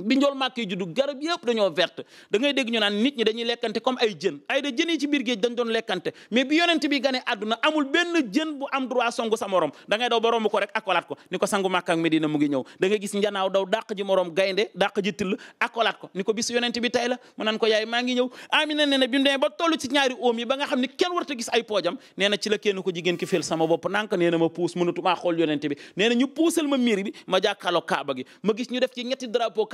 bi njool màkk yi juddu garab yëpp dañoo verte da ngay dégg ñu naan nit ñi dañuy lekkante comme ay jën ay da jën ci biir géej lekkante mais bi yonent gane àdduna amul benn jën bu am droit songu sa morom da daw ba romb rek akolaat ko ni ko sangu màkk mu ngi yaay maa ñëw amina nee na bi ba toll ci ñaari oom ba nga xam ne kenn warta gis ay poojam nee ci la kenn ko jigéen ki fel sama bopp nank nee ma puus mënatumaa xool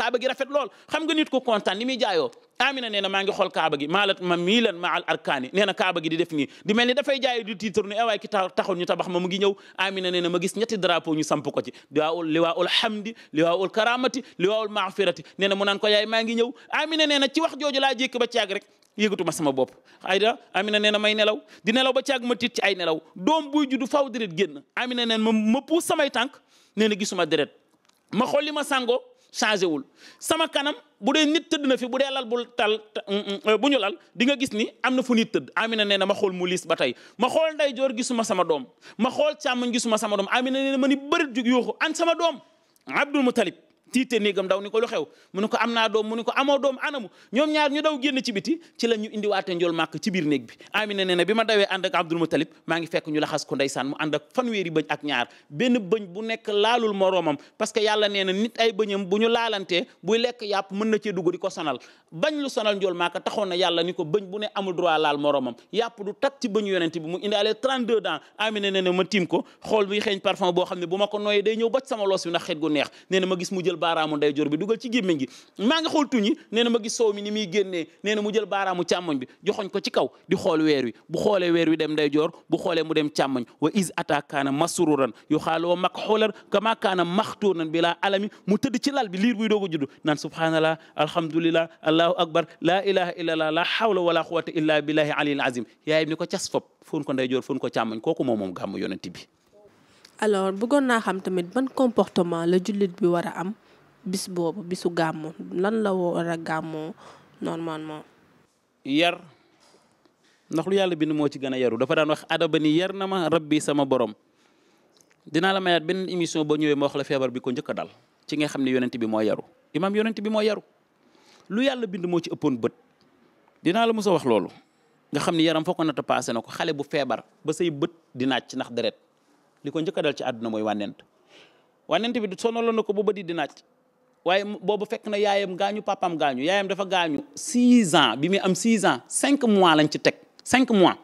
kaaba gi rafet lool xam nga nit ku kontaan ni muy jaayoo Amina nee na maa kaaba gi maa ma mii lan ma al arkaani nee na kaaba gi di def nii di mel ni dafay jaayee di tiitar ne eh waaye ki taxul ñu tabax ma mu ngi ñëw Amina nee na ma gis ñetti drapeau ñu samp ko ci liwaaul liwaaul hamdi liwaaul karamati liwaaul maghfirati nee na mu naan ko yaay maa ngi ñëw Amina nee na ci wax jooju laa jékki ba caag rek yëgatuma sama bopp ayda amina nee may nelaw di nelaw ba caag ma tiit ci ay nelaw doom buy juddu faw deret génn amina nee na ma ma puus samay tànk na gisuma deret ma xool changé wul sama kanam bu dee nit tëdd na fi bu dee lal bul tal mm, mm, euh, bu ñu lal di nga gis ni am na fu nit tëdd Amina nee na ma xool mu liis ba tey ma xool ndeyjoor gisuma sama doom ma xool càmmoñ gisuma sama doom Amina nee na ma ni bëri jug yuuxu an sama doom Abdul Mutalib tiite néegam daw ni ko lu xew mu ne ko am naa doom mu ne ko amoo doom anamu ñoom ñaar ñu daw génn ci biti ci la ñu indiwaate njool màkk ci biir néeg bi amina nee ma tiim ko xool muy xeeñ parfum boo xam ne bu ma ko nooyee day ñëw ba sama loos bi ndax xet gu neex nee ma gis mu jël baaraamu ndeyjoor bi dugal ci gémmiñ gi maa ngi xool tuñi nee na ma gis soow mi ni muy génnee nee na mu jël baaraamu càmmoñ bi joxoñ ko ci kaw di xool weer wi bu xoolee weer wi dem ndeyjoor bu xoolee mu dem càmmoñ wa is ata kaana masruran yu xaal wa mak xoolan kama kaana maxtuunan bi laa alami mu tëdd ci lal bi liir buy doog a judd naan subhanallah alhamdulillah allahu akbar laa ilaha illa la hawla wala quwata illa billahi alil azim yaayam ni ko cas fop fon ko ndeyjoor fon ko càmmoñ kooku moom moom gàmmu yonent bi alors bëggoon naa xam tamit a bis boobu bisu gàmmu lan la war a gàmmoo normalement. yar ndax lu yàlla bind moo ci gën a yaru dafa daan wax ni yar na ma rabbi sama borom dinaa la mayaat benn émission boo ñëwee ma wax la feebar bi ko njëkk a dal ci nga xam ne yonent bi moo yaru imaam yonent bi moo yaru lu yàlla bind moo ci ëppoon bët dinaa la mës a wax loolu. nga xam ni yaram foo ko natt na ko xale bu feebar ba say bët di naaj ndax deret li ko njëkk a dal ci àdduna mooy wànnent wànnent bi sonaloon na ko ba bët di waaye boobu fekk na yaayam gaañu papam gaañu yaayam dafa gaañu 6 ans bi muy am 6 ans 5 mois lañ ci teg cinq mois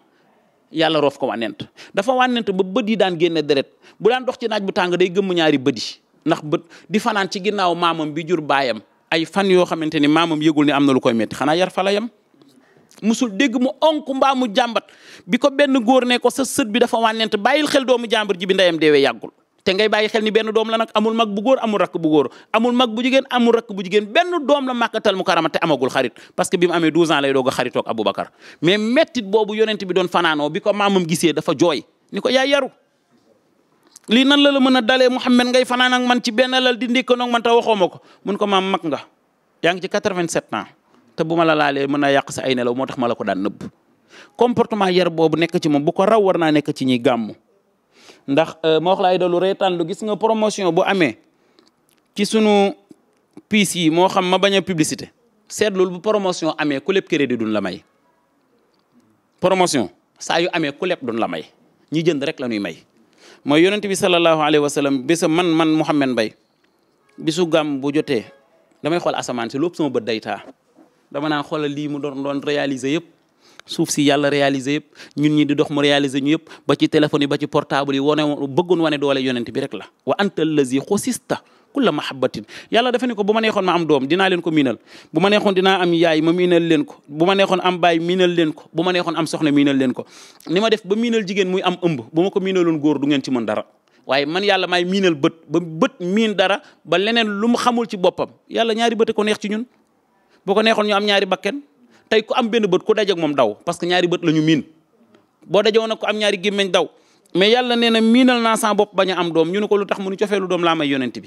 yàlla roof ko wànnent dafa wànnent ba bët yi daan génne deret bu daan dox ci naaj bu tàng day gëmm ñaari bët yi ndax bët di fanaan ci ginnaaw maamam bi jur baayam ay fan yoo xamante ni maamam yëgul ne am na lu koy métti xanaa yar fa la yam musul dégg mu onk mbaa mu jàmbat bi ko benn góor ne ko sa sët bi dafa wànnent bàyyil xel doomu jàmbar ji bi ndeyam deewee yàggul te ngay bàyyi xel ni benn doom la nag amul mag bu góor amul rakk bu góor amul mag bu jigéen amul rakk bu jigéen benn doom la màkkatal mu karama te amagul xarit parce que bi mu amee 12 ans lay doog a xaritoog Aboubacar mais mettit boobu yonent bi doon fanaanoo bi ko maamam gisee dafa jooy ni ko yaay yaru lii nan la la mën a dalee Mouhamed ngay fanaan ak man ci benn lal di ndékk noog man te waxoo ma ko ko maam mag nga yaa ngi ci 87 ans te bu ma la laalee mën naa yàq sa ay nelaw moo tax ma la ko daan nëbb comportement yar boobu nekk ci moom bu ko raw war naa nekk ci ñuy gàmmu ndax euh, ma wax la ay reetaan lu gis nga promotion bu amee ci sunu piis yi moo xam ma bañ a publicité seetlul bu promotion amee ku lépp crédit duñ la may promotion saa yu amee ku lépp la may ñi jënd rek la ñuy may mooy yonent bi sallallahu alayhi wa sallam bisa man man Mouhamed Mbaye bisu gàmm bu jotee damay xool asamaan si lépp sama ba day taa dama naa xoolal lii mu doon doon réaliser yëpp suuf si yàlla réalisé yëpp ñun ñi di dox mu réalisé ñu yëpp ba ci téléphone yi ba ci portable yi wane wane doole yonent bi rek la wa antal lazi xosista kulla mahabbatin yàlla dafa ne bu ma neexoon ma am doom dinaa leen ko miinal bu ma neexoon am soxna miinal leen ko ni ma def ba miinal jigéen muy am ëmb bu ma ko miinaloon góor du ngeen ci mën dara waaye man yàlla maay miinal bët ba bët miin dara ba leneen lu xamul ci boppam yàlla ñaari bët ko neex tey ku am benn bët ko dajeeg moom daw parce que ñaari bët la ñu miin boo dajewoon nag ko am ñaari gémmeñ daw mais yàlla nee na miinal na sa bopp bañ a am doom ñu ne ko lu tax mu ni cofeelu doom laa may yonent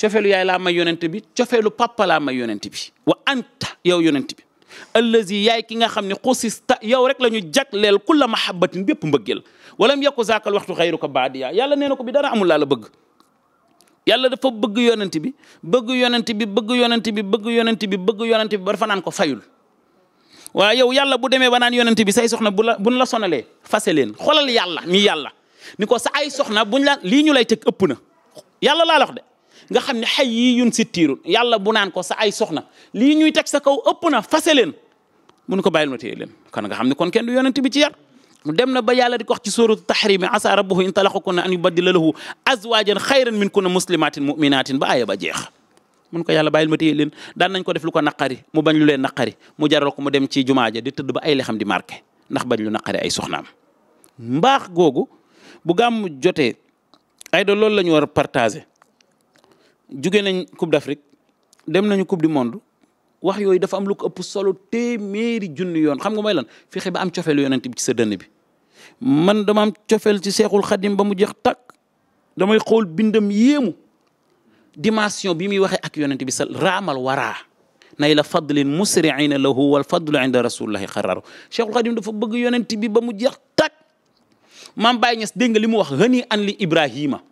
cofeelu yaay laa may yonent bi cofeelu papa laa may wa anta yow yonent bi allazi yaay ki nga xam ne xusista yow rek la ñu jagleel kulla mahabbatin bépp mbëggeel walam yakku zaakal waxtu xayru ko baadiya yàlla nee na ko bi dara amul laa la bëgg yàlla dafa bëgg yonent bi bëgg yonent bi bëgg yonent bi bëgg yonent bi bëgg yonent bi ba dafa naan ko fayul waa yow yàlla bu demee ba naan yonent bi say soxna bu la buñ la sonalee fase leen xolal yàlla mi yàlla ni ko sa ay soxna buñ la lii ñu lay teg ëpp na yàlla laa wax de nga xam ne xay yii yun si yàlla bu naan ko sa ay soxna lii ñuy teg sa kaw ëpp na fase leen mun ko bàyyil ma téye leen kon nga xam ne kon kenn du yonent bi ci yar dem na ba yàlla di ko wax ci suuratu tahrimi asa rabbuhu in talaqukunna an yubaddila lahu azwajan xayran min kunna muslimatin muminatin ba aaya ba jeex mun ko yàlla bàyyil ma téye leen daan nañ ko def lu ko naqari mu bañ lu leen naqari mu jaral ko mu dem ci jumaa ja di tëdd ba ay lexam di marqué ndax bañ lu naqari ay soxnaam. mbaax googu bu gàmm jotee ay da loolu la war a partagé jóge nañ coupe d'Afrique dem nañu coupe du monde wax yooyu dafa am lu ko ëpp solo téeméeri junni yoon xam nga mooy lan fexe ba am cofeelu yonent bi ci sa dënn bi man dama am cofeel ci seexul xadim ba mu jeex takk damay xool bindam yéemu. dimension bi muy waxee ak yonent bi sa raamal waraa nay la fadlin la lahu wal fadlu inda rasulillahi xararu cheikhul xadim dafa bëgg yonent bi ba mu jeex tàkk maam Baye Niass dégg nga li mu wax gëni an li Ibrahima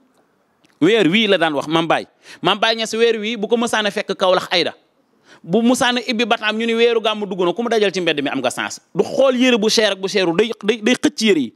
weer wii la daan wax maam Baye maam Baye Niass weer wii bu ko mësaan a fekk Kaolack ayda bu mësaan a ibbi bataam ñu ni weeru gàmmu dugg na ku mu dajal ci mbedd mi am nga sens du xool yére bu cher ak bu cheru day day xëcc yére yi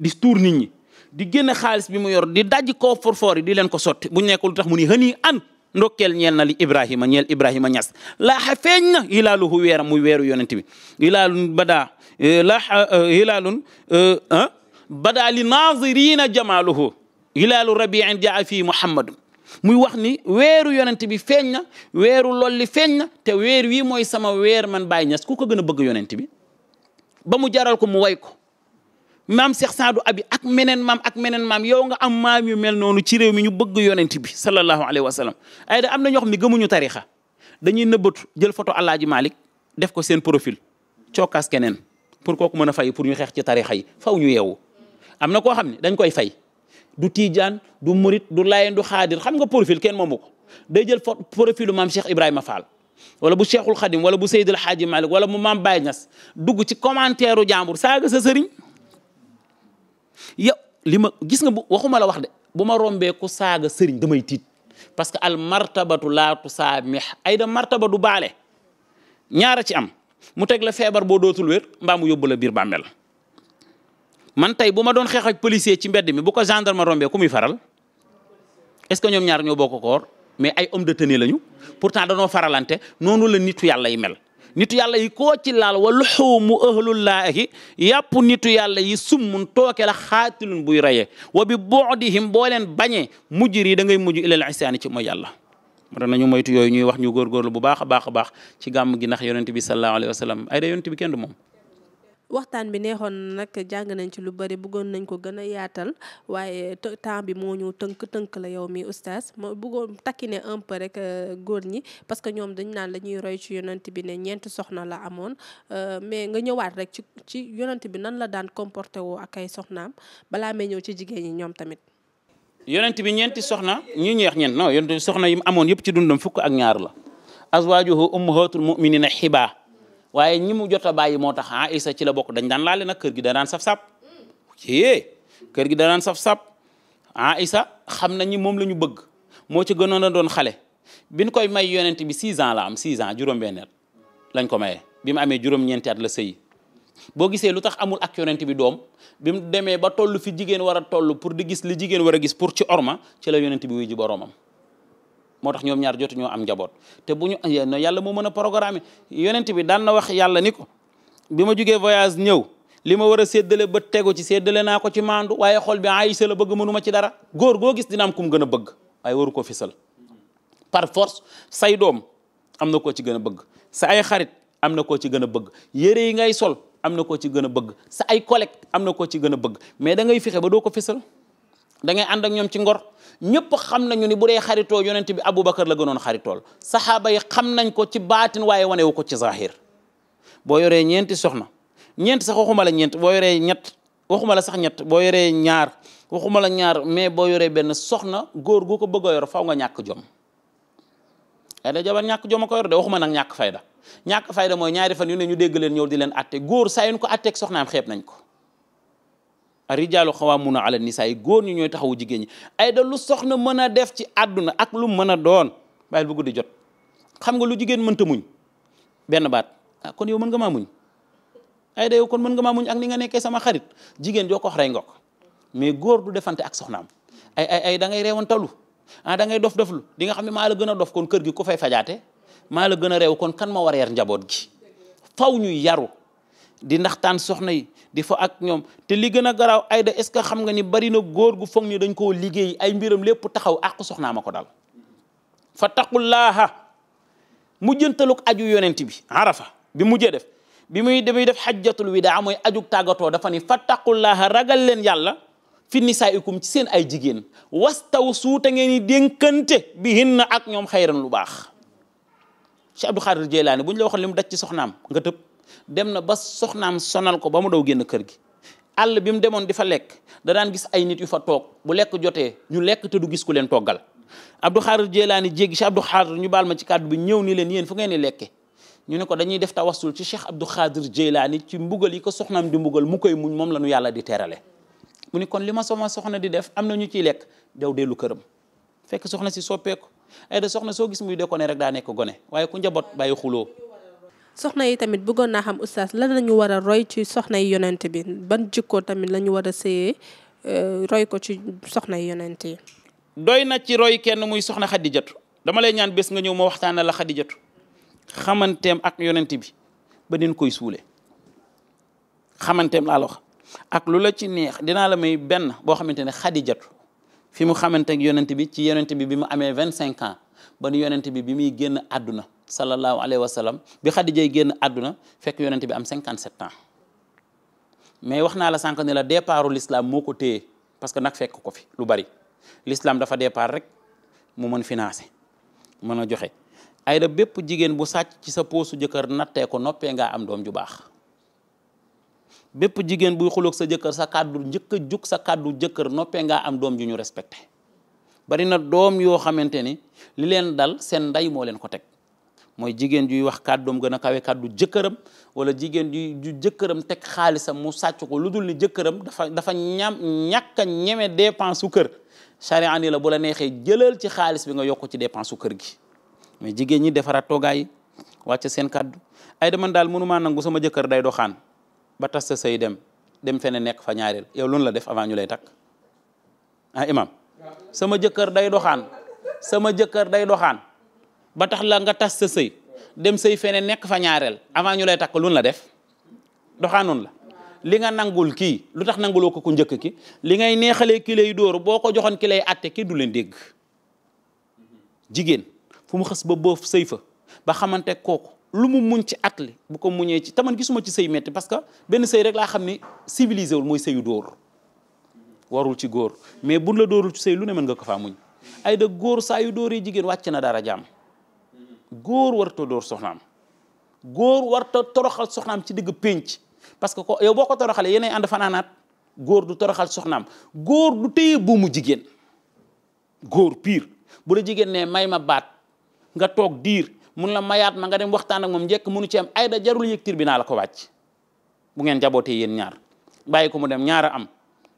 di tuur nit ñi di génne xaalis bi mu yor di daj ko forfor di leen ko sotti bu nekkul tax mu ni xëni an ndokkeel ñeel na li Ibrahima ñeel Ibrahima Ñas laaxa feeñ na hilaaluhu weeram muy weeru yonent bi hilaalun badaa eh, laaxa hilaalun eh, eh, ah, badaa li naazirina jamaaluhu hilaalu rabiin jaa fii Muhammad muy wax ni weeru yonent bi feeñ na weeru lolli feeñ na te weer wii mooy sama weer man Baay Ñas ku ko gën a bëgg yonent bi ba mu jaral ko mu way ko maam Cheikh Sadou Abi ak meneen maam ak meneen maam yow nga am maam yu mel noonu ci réew mi ñu bëgg yonent bi sallallahu alayhi wa sallam ay da am na ñoo xam ne gëmuñu tarixa dañuy nëbbatu jël photo Alaaji Malick def ko seen profil cokkaas keneen pour ko mën a fay pour ñu xeex ci tarixa yi faw ñu yeewu am na koo xam ne dañ koy fay du Tiijaan du Murit du Layen du Xaadir xam nga profil kenn moomu ko day jël photo profilu maam Cheikh Ibrahima Fall wala bu Cheikhul Xadim wala bu Seydil Xaaji Malick wala mu maam Baye Niass dugg ci commentaire jàmbur saaga sa sëriñ yow li ma gis nga bu waxuma la wax de bu ma rombee ku saaga sëriñ damay tiit parce que al martabatu laatu saamix ay da martaba du baale ñaara ci am mu teg la feebar boo dootul wér mbaa mu yóbbu la biir bàmmeel man tey bu ma doon xeex ak policier ci mbedd mi bu ko gendarme rombee ku muy faral est-ce que ñoom ñaar ñoo bokk koor mais ay homme de tenue lañu pourtant danoo faralante noonu la nitu yàlla yi mel nitu yàlla yi ko ci laal wa luxuumu ahlullaahi yàpp nitu yàlla yi summun tooke la xaatilun buy rayee wa bi boodihim boo leen bañee mujjir yi da ngay mujj ilal isaani ci mooy yàlla na tax nañu moytu yooyu ñuy wax ñu góorgóorlu bu baax a baax a baax ci gàmm gi ndax yonent bi sallallahu alayhi wa sallam ay da yonent bi kenn moom waxtaan bi neexoon na nag jàng nañ ci lu bari bëggoon nañ ko gën a yaatal waaye temps bi moo ñu tënk tënk la yow mi oustaz ma bëggoon takkine un peu rek euh, góor ñi parce que ñoom dañ naan la ñuy roy ci yonent bi ne ñeenti soxna la amoon euh, mais nga ñëwaat rek ci ci yonent bi nan la daan comporté woo ay soxnaam balaa may ñëw ci jigéen ñi ñoom tamit. yonent bi ñeenti soxna ñu ñeex ñeent non yonent soxna yi mu amoon yëpp ci dundam fukk ak ñaar la. azwaajuhu ummahatul muminina xibaa waaye ñi mu jot a bàyyi moo tax ah Isa ci la bokk dañ daan laale nag kër gi da daan saf-sap ci kër gi da daan saf-sap ah Isa xam na ni moom la ñu bëgg moo ci gënoon a doon xale biñ koy may yonent bi 6 ans la am 6 ans juróom-benn lañ ko mayee bi mu amee juróom-ñeenti at la sëyi boo gisee lu tax amul ak yonent bi doom bi mu demee ba toll fi jigéen war a toll pour di gis li jigéen war a gis pour ci orma ci la yonent bi wuy ji boroomam moo tax ñoom ñaar jotu ñoo am njaboot te bu ñu yàlla moo mën a programme yonent bi daan na wax yalla ni ko bi ma jugee voyage ñëw li ma war a séddale ba tegu ci seddale naa ko ci maandu waaye xol bi Aïcha la bëgg mënuma ci dara góor goo gis dina am ku mu gën a bëgg waaye waru ko fisal par force say doom am na koo ci gën a bëgg sa ay xarit am na koo ci gën a bëgg yére yi ngay sol am na koo ci gën a bëgg sa ay collègue am na koo ci gën a bëgg mais da ngay ba doo ko fisal da ngay ñoom ci ngor ñëpp xam nañu ni bu dee xaritoo yonent bi Aboubacar la gënoon xaritool saxaaba yi xam nañ ko ci baatin waaye wu ko ci zahir boo yoree ñeenti soxna ñeent sax waxuma la ñeent boo yoree ñett waxuma la sax ñett boo yoree ñaar waxuma ñaar mais boo yoree benn soxna góor gu ko bëgg a yor faw nga ñàkk jom ay da jabar ñàkk jom a ko yor de waxuma nag ñàkk fayda ñàkk fayda mooy ñaari fan yu ñu dégg leen ñëw di leen atte góor saa yu ñu ko atteeg soxnaam xeeb nañ ko rijaalu xawaamuuna ala nisaa yi góor ñi ñooy taxawu jigéen ñi ay da lu soxna mën a def ci àdduna ak lu mën a doon bàyyil bu di jot xam nga lu jigéen mënta muñ benn baat ah, kon yow mën nga ma muñ ay da yow kon mën nga ma muñ ak ni nga nekkee sama xarit jigéen joo ko wax rey nga mais góor du defante ak soxnaam ay ay ay da ngay reewantalu ah da ngay dof doflu di nga xam ne maa la gën a dof kon kër gi ko fay fajaate maa la gën a reew kon kan ma war yar njaboot gi faw ñuy yaru di ndaxtaan soxna yi di fa ak ñoom te li gën a garaaw Aida est-ce que xam nga ni bari na góor foog ni dañ koo liggéey ay mbiram lépp taxaw àqu soxnaama ko dal fa taqullaaha mujjantaluk aju yonent bi arafa bi mujjee def bi muy demuy def xajjatul widaa mooy ajug tàggatoo dafa ni fa taqullaaha ragal leen yàlla fi nisaaikum ci seen ay jigéen wastaw suuta ngeen ni dénkante bi hinna ak ñoom xayran lu baax Cheikh Abdou Khadir Jeylaani bu ñu la waxoon li mu daj ci soxnaam nga tëb dem na ba soxnaam sonal ko ba mu daw génn kër gi àll bi mu demoon di fa lekk da daan gis ay nit yu fa toog bu lekk jotee ñu lekk te du gis ku leen toggal Abdou Xaadir Jeelaani jéggi si Abdou Xaadir ñu baal ma ci kàddu bi ñëw ni leen yéen fu ngeen di lekke ñu ne ko dañuy def tawassul ci Cheikh Abdou Xaadir Jeelaani ci mbugal yi ko soxnaam di mbugal mu koy muñ moom la ñu yàlla di terale mu ni kon li ma sama soxna di def am na ñu ciy lekk daw dellu këram fekk soxna si soppeeku ay soxna soo gis muy déconné rek daa nekk gone waaye ku njaboot bàyyi soxna yi tamit bëggoon na xam oustaz lan la ñu war a roy ci soxna yi bi ban jikkoo tamit la ñu war a séyee euh, roy ko ci soxna yi doy na ci roy kenn muy soxna xadijatu dama lay ñaan bés nga ñëw ma waxtaana la xadijatu xamanteem ak yonent bi ba din koy suule xamanteem laa la ak lu la ci neex dinaa la may benn boo xamante ne xadijatu fi mu xamante ak bi ci yonent bi bi mu amee vingt cinq ans ba nu yonent bi bi muy génn àdduna sallallahu alayhi wa bi xaddi xadijay génn àdduna fekk yonent bi am 57 ans mais wax naa la sànq ne la départu lislaam moo ko téye parce que nag fekk ko fi lu bari l'islam dafa départ rek mu mën financer mën a joxe ayda bépp jigéen bu sàcc ci sa poosu jëkkër nattee ko noppee ngaa am doom ju baax bépp jigéen buy xuloog sa jëkkër sa kàddu njëkk a sa kàddu jëkkër noppee ngaa am doom ju ñu respecté bari na doom yoo xamante ni li leen dal seen ndey moo leen ko teg mooy jigéen juy wax kàddoom gën a kawe kàddu jëkkëram wala jigéen ju ju jëkkëram teg xaalisam mu sàcc ko lu dul ni jëkkëram dafa dafa ñam ñàkk a ñeme dépense su kër charia ni la bu la neexee jëlal ci xaalis bi nga yokk ci dépense su kër gi mais jigéen ñi defaraat toogaay wàcc seen kàddu ay dama daal mënumaa nangu sama jëkkër day doxaan ba tas sa say dem dem fene nekk fa ñaareel yow loolu la def avant ñu lay takk ah imam sama jëkkër day doxaan sama jëkkër day doxaan ba tax la nga tas sa sëy dem sëy feneen nekk fa ñaareel avant ñu lay takk luñ la def doxaanoon la li nga nangul kii lu tax nanguloo ko ku njëkk ki li ngay neexalee ki lay dóor boo ko joxoon ki lay atte ki du leen dégg jigéen fu mu xës ba boof sëy fa ba xamante kooku lu mu muñ ci at li bu ko muñee ci taman gisuma ci sëy metti parce que benn sëy rek laa xam ni civilisé wul mooy sëyu dóor warul ci góor mais bu la dóorul ci sëy lu ne mën nga ko faa muñ ay da góor saa yu dóoree jigéen wàcc na dara jàmm góor warto dóor soxnaam góor warta toroxal soxnaam ci digg pénc parce que ko yow boo ko toroxalee yéenay ànd fanaanaat góor du toroxal soxnaam góor du téye buumu jigéen góor pire bu la jigéen ne may ma baat nga toog diir mun la mayaat ma nga dem waxtaan ak moom njëkk munu ci am ayda jarul yëg naa la ko wàcc bu ngeen jabootee yéen ñaar bàyyi ko mu dem ñaara am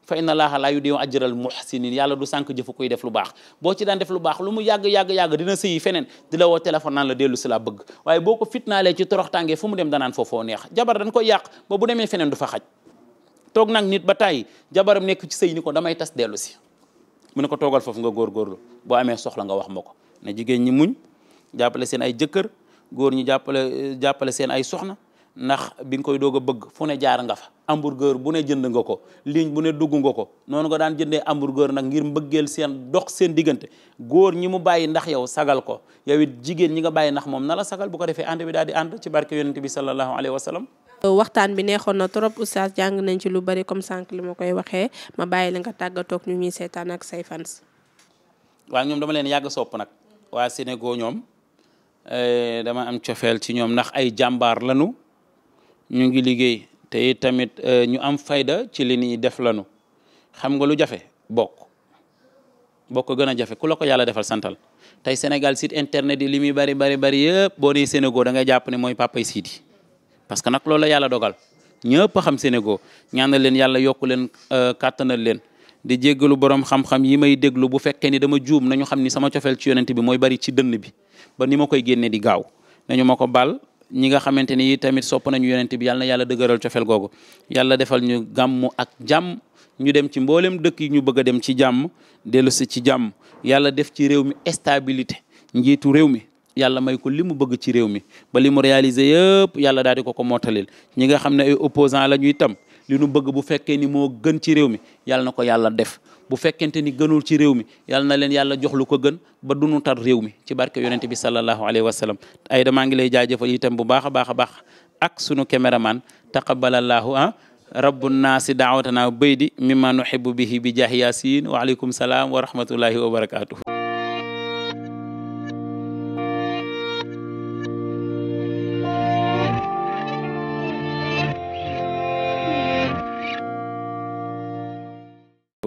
fa inna laaha laa yudiiu ajral muhsinin yàlla du sànk jëfu koy def lu baax boo ci daan def lu baax lu mu yàgg yàgg yàgg dina sëyi feneen di la woo téléphone naan la dellu si laa bëgg waaye boo ko fitnaalee ci toroxtàngee fu mu dem danaan foofoo neex jabar dañ koy yàq ba bu demee feneen du fa xaj toog nag nit ba tàyyi jabaram nekk ci sëy ni ko damay tas dellu si mu ne ko toogal foofu nga góorgóorlu boo amee soxla nga wax ma ko ne jigéen ñi muñ jàppale seen ay jëkkër góor ñi jàppale jàppale seen ay soxna ndax bi koy doog a bëgg fu ne jaar nga fa bu ne jënd nga ko ligne bu ne dugg nga ko noonu nga daan jëndee hamburger nag ngir mbëggeel seen dox seen diggante góor ñi mu bàyyi ndax yow sagal ko yow it jigéen ñi nga bàyyi ndax moom na la sagal bu ko defee ànd bi daal di ànd ci barke yonent bi sallallahu alayhi wa sallam waxtaan bi neexoon na trop oustaz jàng nañ ci lu bari comme sànq li ma koy waxee ma bàyyi la nga tàggatoog ñu ñuy seetaan ak say fans waaw ñoom dama leen yàgg sopp nag waa Sénégal ñoom eh, dama am cofeel ci ñoom ndax ay jàmbaar lanu ñu ngi liggéey te tamit euh, ñu am fayda ci li ni def lanu xam nga lu jafe bokk bokk gën a jafe ku la ko yàlla defal santal tey Sénégal site internet yi li muy bari bari bari yëpp boo nee Sénégal da ngay jàpp ne mooy papay Sidi parce que nag loolu la yàlla dogal ñëpp xam Sénégal ñaanal leen yàlla yokku leen euh, kàttanal leen di jéggalu borom xam-xam yi may déglu bu fekkee ni dama juum nañu xam ni sama cofeel ci yonent bi mooy bari ci dënn bi ba ni ma koy génne di gaaw ñi nga xamante ni tamit sopp nañu yonent bi yàlla na yàlla dëgëral cofeel googu yàlla defal ñu gàmmu ak jàmm ñu dem ci mboolem dëkk yi ñu bëgg a dem ci jàmm dellu si ci jàmm yàlla def ci réew mi stabilité njiitu réew mi yàlla may ko li mu bëgg ci réew mi ba li mu réalisé yëpp yàlla daal di ko ko mootalil ñi nga xam ne ay opposant la ñuy tam li bëgg bu fekkee ni moo gën ci réew mi yàlla na ko yàlla def bu fekkente ni gënul ci réew mi yàlla na leen yàlla jox lu ko gën ba dunu tar réew mi ci barke yonente bi sallallahu alayhi wa sallam ay damaa ngi lay jaajëfal itam bu baax a baax a baax ak sunu caméraman taqabbalallahu ah rabbu naasi daawatana baydi mimma nuhibbu bihi bi jaahi yasin waaleykum salaam wa rahmatullahi wa barakaatu.